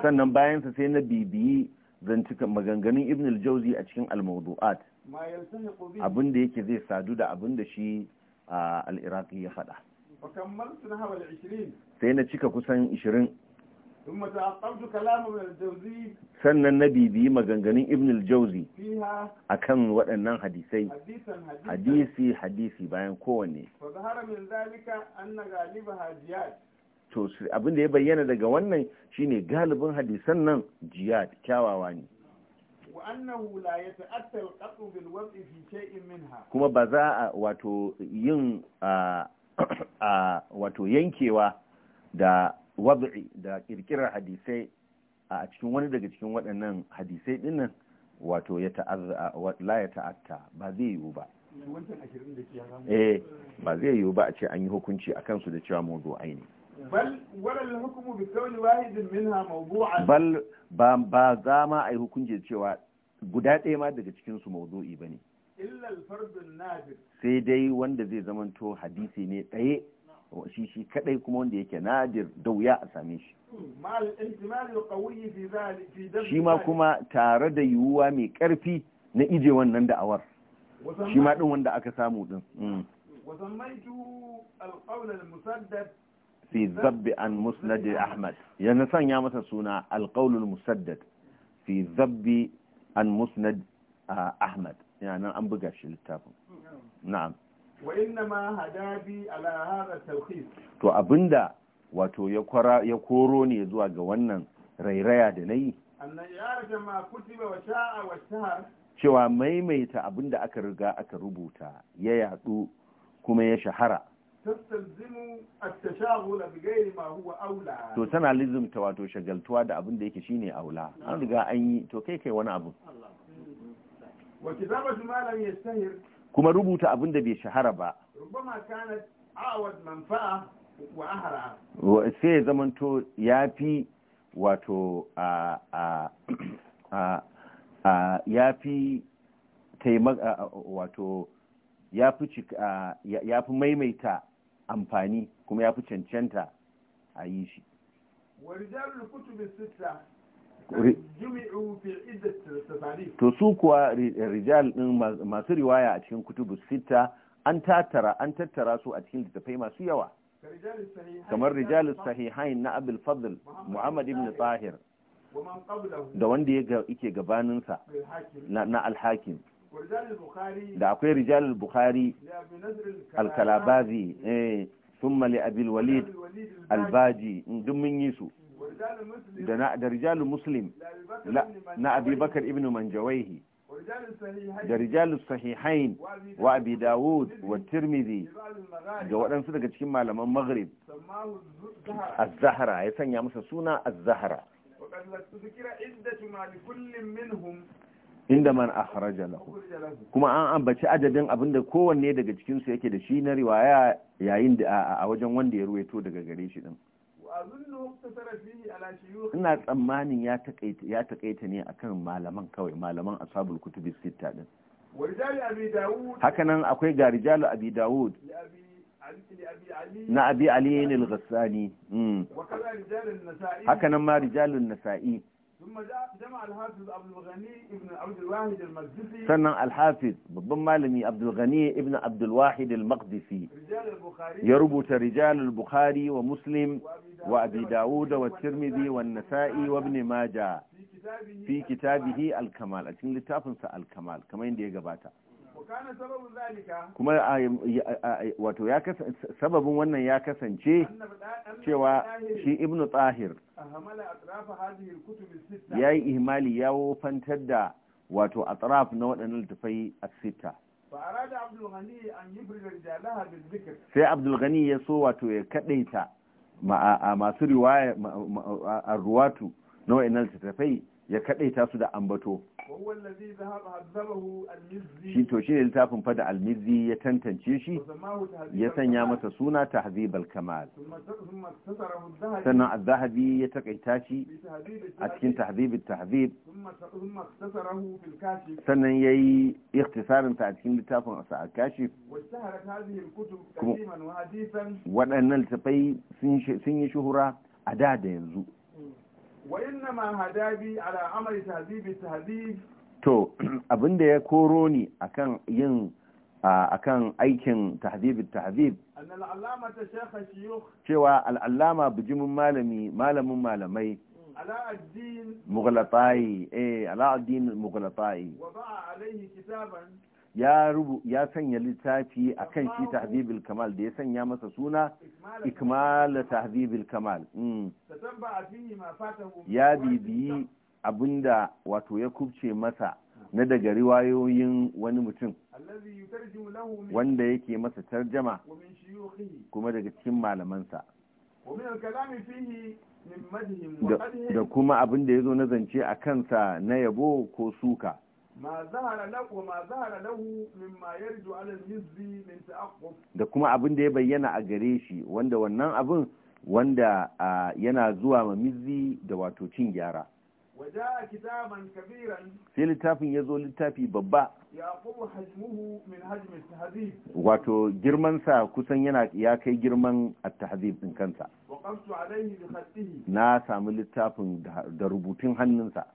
sannan bayansa sai na bibiyi zantukan maganganun ibn al-jawzi a cikin al-mawdu'at abin da yake zai sadu da abin da shi al-iraqi ya fada sai na cika kusan 20 sannan na bibiyi maganganun ibn al-jauzi a kan waɗannan hadisai hadisi hadisi bayan kowanne to abin da ya bayyana daga wannan shine galibin hadisan nan jihad kyawawa ne kuma ba za a wato yin a wato yankewa da wadu'i da kirkirar hadisai a cikin wani daga cikin waɗannan hadisai dinnan wato ya ta'azza la ya ta'atta ba zai yiwu ba eh ba zai yiwu ba a ce an yi hukunci a kansu da cewa mawdu'ai ne bal hukmu bi minha mawdu'an bal ba ba za ma ai hukunci cewa guda ɗaya ma daga cikin su mawdu'i bane illa al nadir sai dai wanda zai zamanto hadisi ne ɗaya shi shi kadai kuma wanda yake nadir da wuya a same shi shi ma kuma tare da yiwuwa mai karfi na ije wannan da'awar shi ma din wanda aka samu din mm. fi zabbi an musnad ahmad yana sanya masa suna alqaulul musaddad fi zabbi an musnad ah, ahmad yana an buga shi littafin mm, na'am wa hadabi to abinda wato ya koro ne zuwa ga wannan rairaya da nayi annan ya rage ma wa sha'a cewa maimaita abinda aka riga aka rubuta ya yadu kuma ya shahara tastalzimu at-tashaghul bi ma huwa aula to tana lizumta wato shagaltuwa da abinda yake shine aula an riga an yi to kai kai wani abu wa kitabatu ma yastahir kuma rubuta abin da bai shahara ba sai ya zamanto ya fi wato ya fi wato ya fi maimaita amfani kuma ya fi cancanta a yi shi. to su kuwa rijal din masu riwaya a cikin kutubu sita an tattara an tattara su a cikin littattafai masu yawa kamar rijal sahihain na abul fadl muhammad ibn tahir da wanda yake gabaninsa na alhakim da akwai rijal bukhari al-kalabazi eh thumma li abil walid albaji duk mun yi su da rijalu muslim na abubakar ibn manjawaihi da rijalu sahihain wa abi dawud wa tirmidhi ga waɗansu daga cikin malaman maghrib az-zahra ya sanya masa suna az-zahra inda man akhraja lahu kuma an ambaci adadin abinda kowanne daga cikin su yake da shi na riwaya yayin da a wajen wanda ya ruwaito daga gare shi din ina tsammanin ya taƙaita ne akan malaman kawai malaman ashabul kutubi sita din hakanan akwai ga rijalu abi dawud na abi ali ne al-ghassani mm. hakanan ma rijalun nasa'i sannan alhafiz babban malami abdulghani ibn abdulwahid al-maqdisi ya rubuta rijalul bukhari wa muslim wa abi dawud wa tirmidhi wa nasa'i wa ibn majah fi kitabihi al-kamal a cikin littafinsa al-kamal kamar yadda ya gabata kuma wato ya sababin wannan ya kasance cewa shi ibnu tsahir ya yi ihmali ya wofantar da wato atraf na waɗannan littafai a sita sai abdulghani ya so wato ya kaɗaita a masu ruwatu na waɗannan littafai ya kadaita su da ambato shi to shi ne littafin fada almizzi ya tantance shi ya sanya masa suna ta tahzibal kamal sannan az-zahabi ya takaita shi a cikin tahzibit tahzib sannan yayi ikhtisarin ta a cikin littafin sa kashif waɗannan littafai sun yi shuhura a da da yanzu وإنما هدابي على عمل تهذيب التهذيب to abin da ya koro ni akan yin akan aikin tahdhib tahdhib cewa al'allama bijimin malami malamin malamai mm. mughlatai eh ala addin mughlatai ya sanya littafi a kan shi tahzibul kamal da ya sanya masa suna ikmal tahzibul kamal mm. ya bibiyi abinda wato ya kubce masa na daga riwayoyin wani mutum wanda yake masa tarjama kuma daga cikin malamansa da kuma abinda ya zo na zance a kansa na yabo ko suka da kuma abin da ya bayyana a gare shi wanda wannan abin wanda yana zuwa ma mizzi da wato cin gyara sai littafin ya zo littafi babba wato girmansa kusan yana ya kai girman a tahzib din kansa na sami littafin da rubutun hannunsa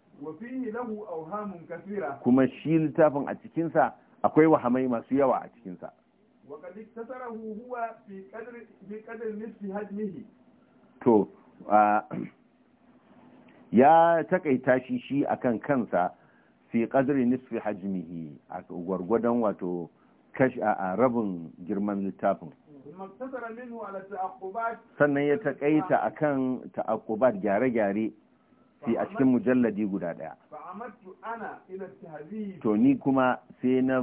kuma shi littafin a cikinsa akwai wahamai masu yawa a cikinsa to ya takaita shi shi akan kansa fi qadri nisfi hajmihi a gwargwadon wato kashi a rabin girman littafin sannan ya takaita kan ta'aqubat gyare-gyare fi a cikin mujalladi guda daya to ni kuma sai na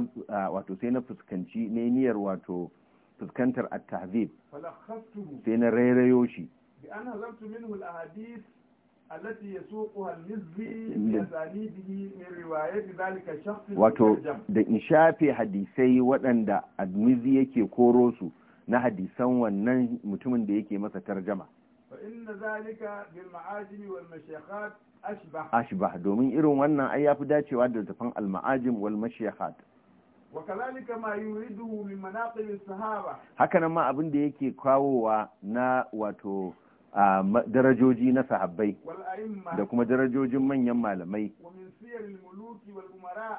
wato sai na fuskanci ne niyyar wato fuskantar at-tahzib sai na rairayo shi wato da in shafe hadisai waɗanda admizi yake koro su na hadisan wannan mutumin da yake masa tarjama فإن ذلك بالمعاجم والمشيخات أشبه أشبه دومين إيرون وانا أي أفداتي وعدل تفن المعاجم والمشيخات وكذلك ما يريده من مناقب الصحابة هكذا ما أبن ديكي كاووا نا واتو darajoji na sahabbai da kuma darajojin manyan malamai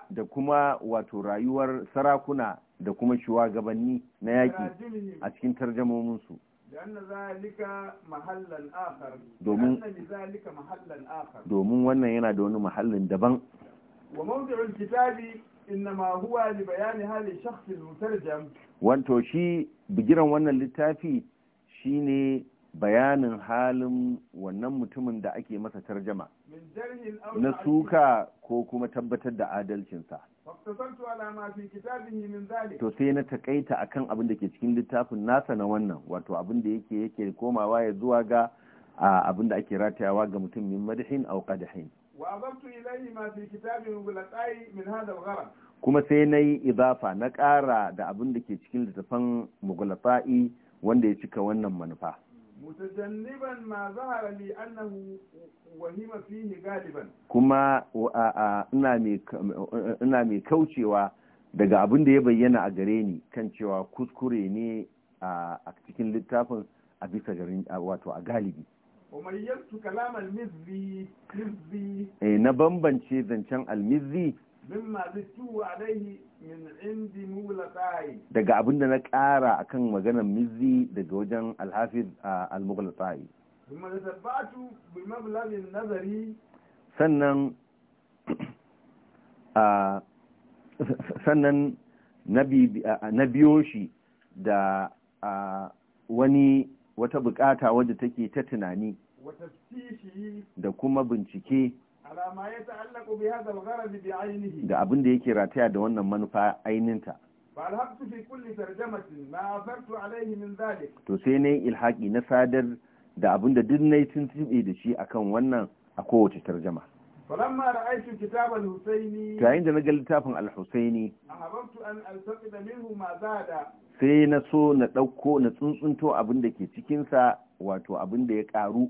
da kuma wato rayuwar sarakuna da kuma shugabanni na نياكي a cikin منسو domin wannan yana da wani mahallin daban wanto shi bigiran wannan littafi shine bayanin halin wannan mutumin da ake masa tarjama na suka ko kuma tabbatar da adalcinsa to sai na takaita akan abin da ke cikin littafin nasa na wannan wato abin da yake yake komawa ya zuwa ga abin da ake ratayawa ga mutum min madihin aw qadhin kuma sai na yi idafa na ƙara da abin da ke cikin littafin mugulatai wanda ya cika wannan manufa متجنبا ma ظهر لي انه وهم فيه غالبا kuma ina mai ina kaucewa daga abin da ya bayyana a gare ni kan cewa kuskure ne a cikin littafin a bisa garin wato a galibi Kuma kalam al-mizzi na bambance zancen almizzi daga abin da na ƙara a kan maganar Mizi, daga wajen alhafiz a mughlatai sannan sannan na biyo shi da wani wata bukata wadda take ta tunani da kuma bincike Alamaye Allaku ga abin da yake rataya da wannan manufa aininta. To sai na ilhaki na sadar da abinda duk na yi da shi a kan wannan a kowace tarjama. Falamma da aishin kitab al-Husaini. Ta yin da na ga littafin AlHusaini. husaini A habartu an al da minhu ma zada. Sai na so na ɗauko na tsuntsunto abin da ke cikinsa wato abin da ya ƙaru.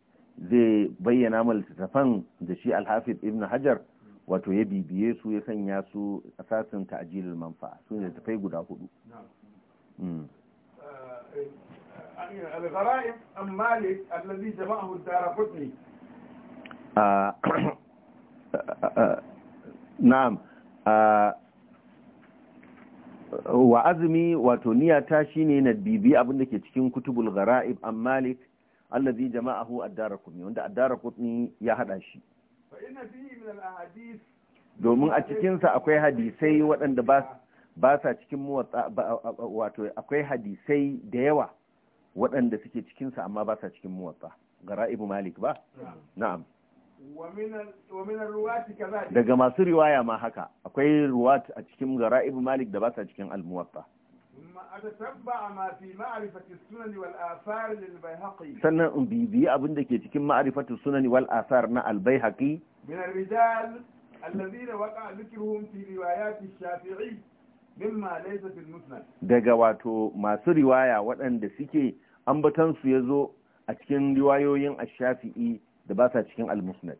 zai bayyana mal littattafan da shi alhafiz ibn hajar wato ya bibiye su ya sanya su asasin ta'jilul manfa'a su ne tafai guda hudu الغرائب أم مالك الذي جمعه الدار قطني نعم wa azmi wato niyata shine na bibi abin da ke cikin kutubul gharaib an malik allazi jama'ahu ad-darqutni wanda ad-darqutni ya hada shi domin a cikinsa akwai hadisai waɗanda ba sa cikin wato akwai hadisai da yawa waɗanda suke cikinsa amma ba sa cikin muwatsa gara'ibu malik ba na'am daga masu riwaya ma haka akwai ruwat a cikin gara'ibu malik da ba sa cikin almuwatsa sannan in bibiyi abin da ke cikin ma'arifatu sunani wal asar na albai daga wato masu riwaya waɗanda suke ambatansu ya zo a cikin riwayoyin ashafi'i da ba sa cikin al-musnad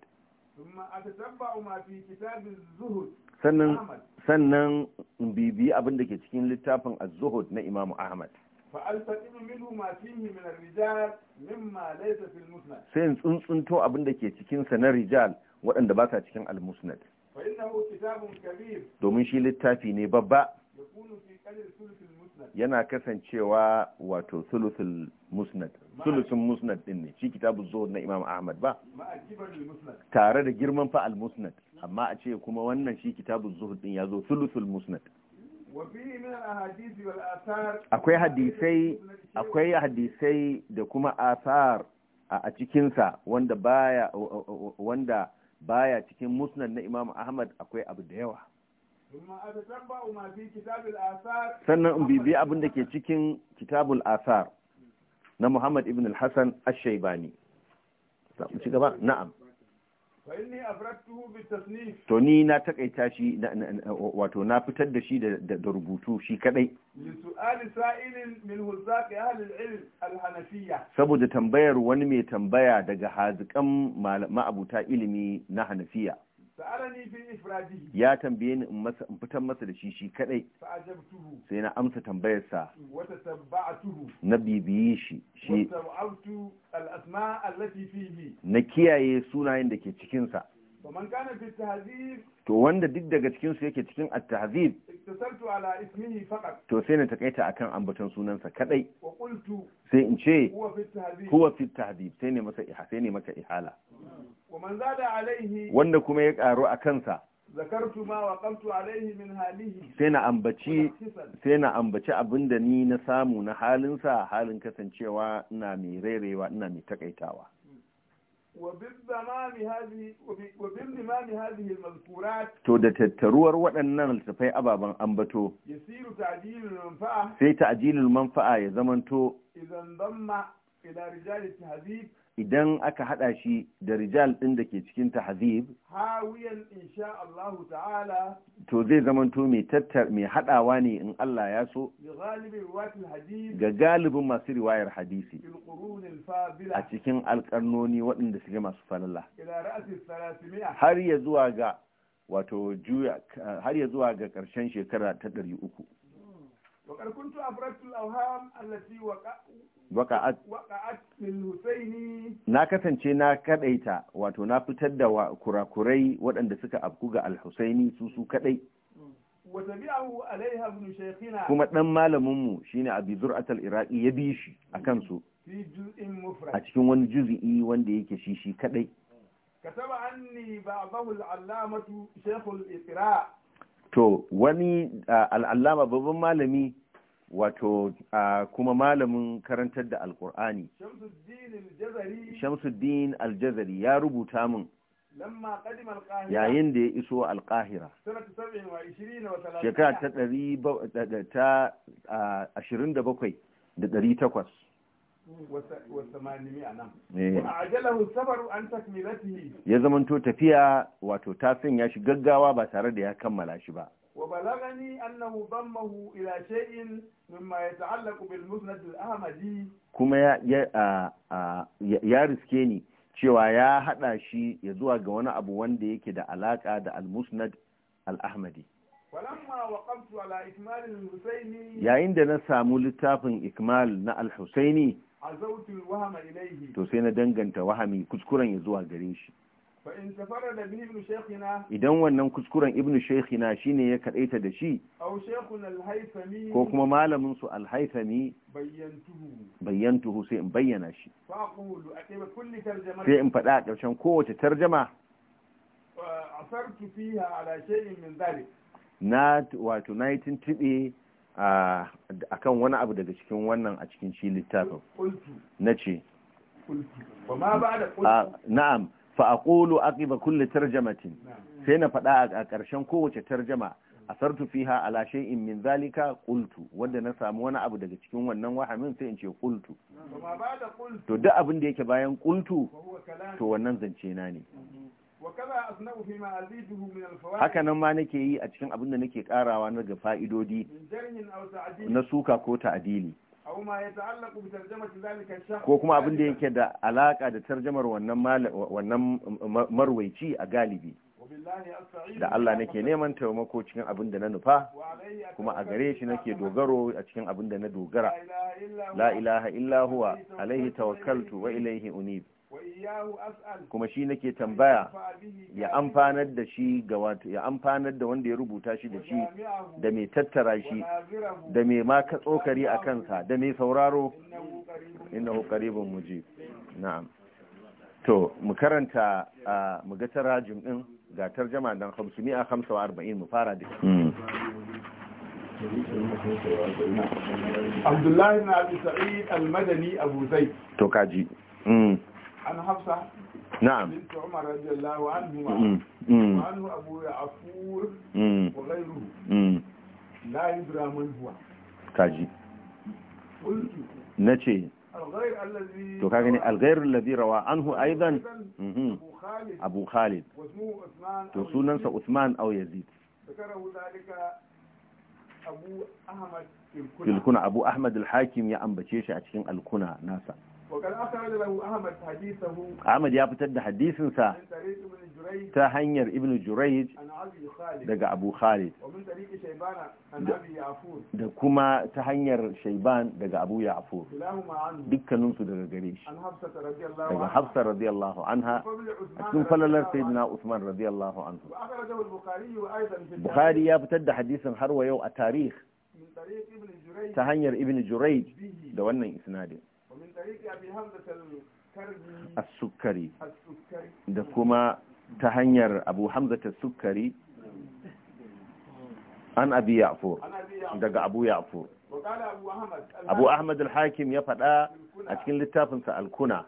sannan sannan in bibiyi abin da ke cikin littafin az-zuhud na Imam Ahmad rijal min sai in tsuntsunto abin da ke cikin sa na rijal waɗanda ba sa cikin al-musnad domin shi littafi ne babba yana kasancewa wato sulusul musnad sulusun musnad din ne shi kitabuz zuhud na Imam Ahmad ba tare da girman fa al-musnad amma a ce kuma wannan shi kitabun zuhud din ya zo sulusul musnad akwai hadisai akwai hadisai da kuma asar a cikinsa wanda baya wanda baya cikin musnad na imam ahmad akwai abu da yawa sannan in bibi abin da ke cikin kitabul asar na muhammad ibn al hasan ash-shaybani ci gaba na'am to ni na takaita shi wato na fitar da shi da rubutu shi kadai saboda tambayar wani mai tambaya daga hazikan ma'abuta ilimi na hanafiya ya tambaye ni in fitar masa da shi shi kadai sai na amsa tambayarsa na bibiye shi shi na kiyaye sunayen da ke cikinsa to wanda duk daga cikin su yake cikin at-tahzib to sai na takaita akan ambaton sunansa kadai sai in ce huwa fi tahzib sai ne masa iha sai ne maka ihala wanda kuma ya karo a kansa zakartu ma qamtu alaihi min halihi sai na ambaci sai na ambaci abinda ni na samu na halinsa halin kasancewa ina mai rairewa ina mai takaitawa وبالضمام هذه وبالضمان هذه المذكورات تو ده تتروار تعجيل المنفعة إذا انضم إلى رجال التهذيب idan aka hada shi da rijal din da ke cikin tahzib hawiyan insha Allah ta'ala to zai zaman to mai tattar mai hadawa ne in Allah ya so ga galibin masu riwayar hadisi a cikin alƙarnoni waɗanda suke masu falalla. har ya zuwa ga wato har ya zuwa ga ƙarshen shekara ta ɗari uku وقد كنت الأوهام التي وقعت وقعت في الحسين na kasance na kaɗaita wato na fitar da kurakurai waɗanda suka afku ga al-Husaini su su kuma ɗan malaminmu shine abi zur'at al-iraqi ya bi shi a a cikin wani juzi'i wanda yake shi shi kadai kataba anni ba'dahu al-allamatu shaykh al-iqra to wani babban malami wato kuma malamin karantar da alkur'ani shamsuddin aljazari ya rubuta min yayin da ya iso alkahira shekara ta ashirin da ɗari takwas. Eh. ya zamanto tafiya wato ta ya shi gaggawa ba tare da ya kammala shi ba وبلغني أنه ضمه إلى شيء مما يتعلق بالمسند الأحمدي Kuma ya riske ni, cewa ya haɗa shi ya zuwa ga wani abu wanda yake da alaƙa da al-musnad al-ahmadi yayin da na samu littafin ikmal na al-husaini to sai na danganta wahami kuskuren ya zuwa gare shi idan wannan kuskuren ibnu shi shine ya ta da shi ko kuma malamin su alhaifami bayyantuhu sai in bayyana shi sai in faɗa a ƙarshen kowace tarjama na wato yi tibe a kan wani abu daga cikin wannan a cikin shi littafin na ce na'am Fa fa’akolo ake ba kulle tarjamatin sai na faɗa a ƙarshen kowace tarjama a sartu fiha alashe in min zalika kultu wanda na samu wani abu daga cikin wannan wahamin sai in ce kultu to duk abin da yake bayan kultu to wannan zance na ne haka nan ma nake yi a cikin abin da nake karawa na ga fa'idodi na suka ko ta'adili ko kuma abin da yake da alaka da tarjamar wannan marwaici a galibi da Allah nake neman taimako cikin abin da na nufa kuma a gare shi nake dogaro a cikin abin da na dogara la ilaha illa huwa alaihi tawakkaltu wa ilaihi unib kuma shi nake tambaya ya amfanar da shi ga wato ya amfanar da wanda ya rubuta shi da shi da mai tattara shi da mai ma ka tsokari a kansa da mai sauraro hukari ban muji na'am to mu karanta mu ga tarajum din ga tarjama dan arba'in mu fara da hmm. Abdullahi na Abu Sa'id al-Madani Abu Zaid to kaji hmm. عن حفصة نعم بنت عمر رضي الله عنهما وعنه أبو عفور وغيره لا يدرى من هو كاجي قلت نتي الغير الذي تو كاغني الغير الذي روى عنه أيضا أبو خالد أبو خالد واسمه عثمان تو سننسى عثمان أو يزيد ذكره ذلك أبو أحمد الكنا الكنى أبو أحمد الحاكم يا أنبتشيش أتشين الكنا ناسا Ahmad ya fitar da hadisinsa ta hanyar Ibn Jurayj daga Abu Khalid da kuma ta hanyar Shaiban daga Abu Ya'fur dukkaninsu daga gare shi daga Hafsa radiyallahu anha a cikin falalar Sayyidina Usman radiyallahu anhu Bukhari ya fitar da hadisin har wa yau a tarih ta hanyar Ibn Jurayj da wannan isnadin as-sukkari da kuma ta hanyar abu hamza ta sukari an abi ya'fur daga abu ya'fur abu ahmad al-hakim ya faɗa a cikin littafinsa alkuna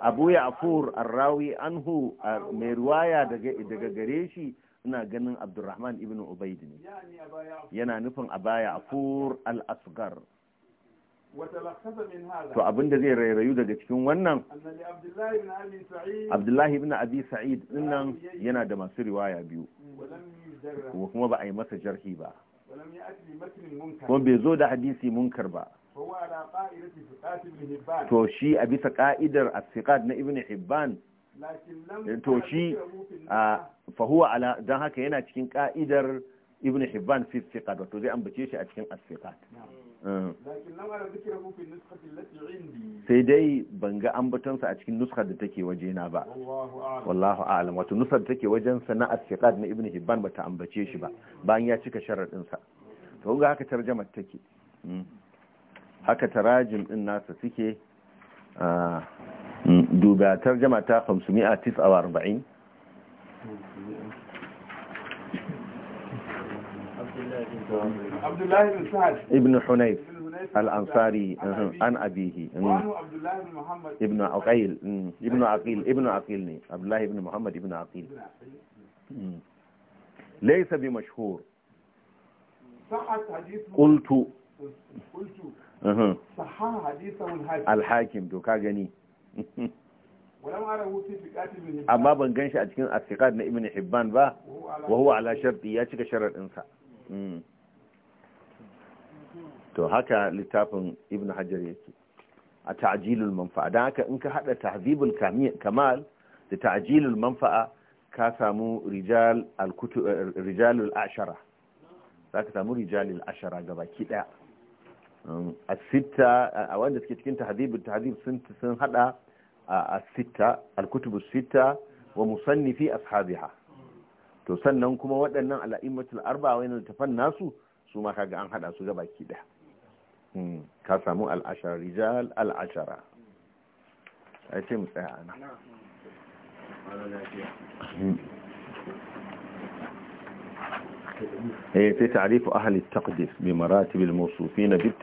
abu ya'fur arrawi anhu mai ruwaya daga gare shi ina ganin abdurrahman ibn ubaid ne yana nufin abaya afur al-asgar to abin da zai rairayu daga cikin wannan abdullahi ibn abi sa'id dinnan yana da masu riwaya biyu kuma ba a yi masa jarhi ba kuma bai zo da hadisi munkar ba to shi a bisa ka'idar asiqat na ibn hibban to shi fahuwa ala don haka yana cikin ka'idar ibn hibban fi thiqat wato zai ambace shi a cikin as-thiqat sai dai ban ga ambatonsa a cikin nuskar da take waje na ba wallahu a'lam wato nuskar da take wajen sa na as-thiqat na ibn hibban bata ambace shi ba bayan ya cika sharadin sa to ga haka tarjumar take hmm. haka tarajim din nasa suke ah, hmm. duba tarjama ta 549 ibn hunayf al'ansari uh-huh, an abihi mm. mm, ibn aqil ibn abdullahi ibn muhammad ibn aqil mm. laisa bi mashhur uh-huh. alhakim to ka amma ban gan shi a cikin asiqat na ibn hibban ba wa huwa ala sharti ya cika sharadin sa Mm. to haka littafin ibn hajar yake a ta'ajilul manfa'a dan haka in ka hada ta'azibul kamal da ta'ajilul manfa'a ka samu rijal rijalul ashara Za ka samu rijalul ashara baki daya mm. a sita a wanda suke cikin ta'azibul ta'azib sun haɗa hada a sita al sita wa fi ashabiha to sannan kuma waɗannan al'immatul arba wani tafan nasu su ma kaga an hada su ga baki ɗaya hmm, ka samu al'ashar rijal al'ashara a ce mu tsaya ana hmm. eh sai ta'rifu ahli at-taqdis bi maratib mawsufin bit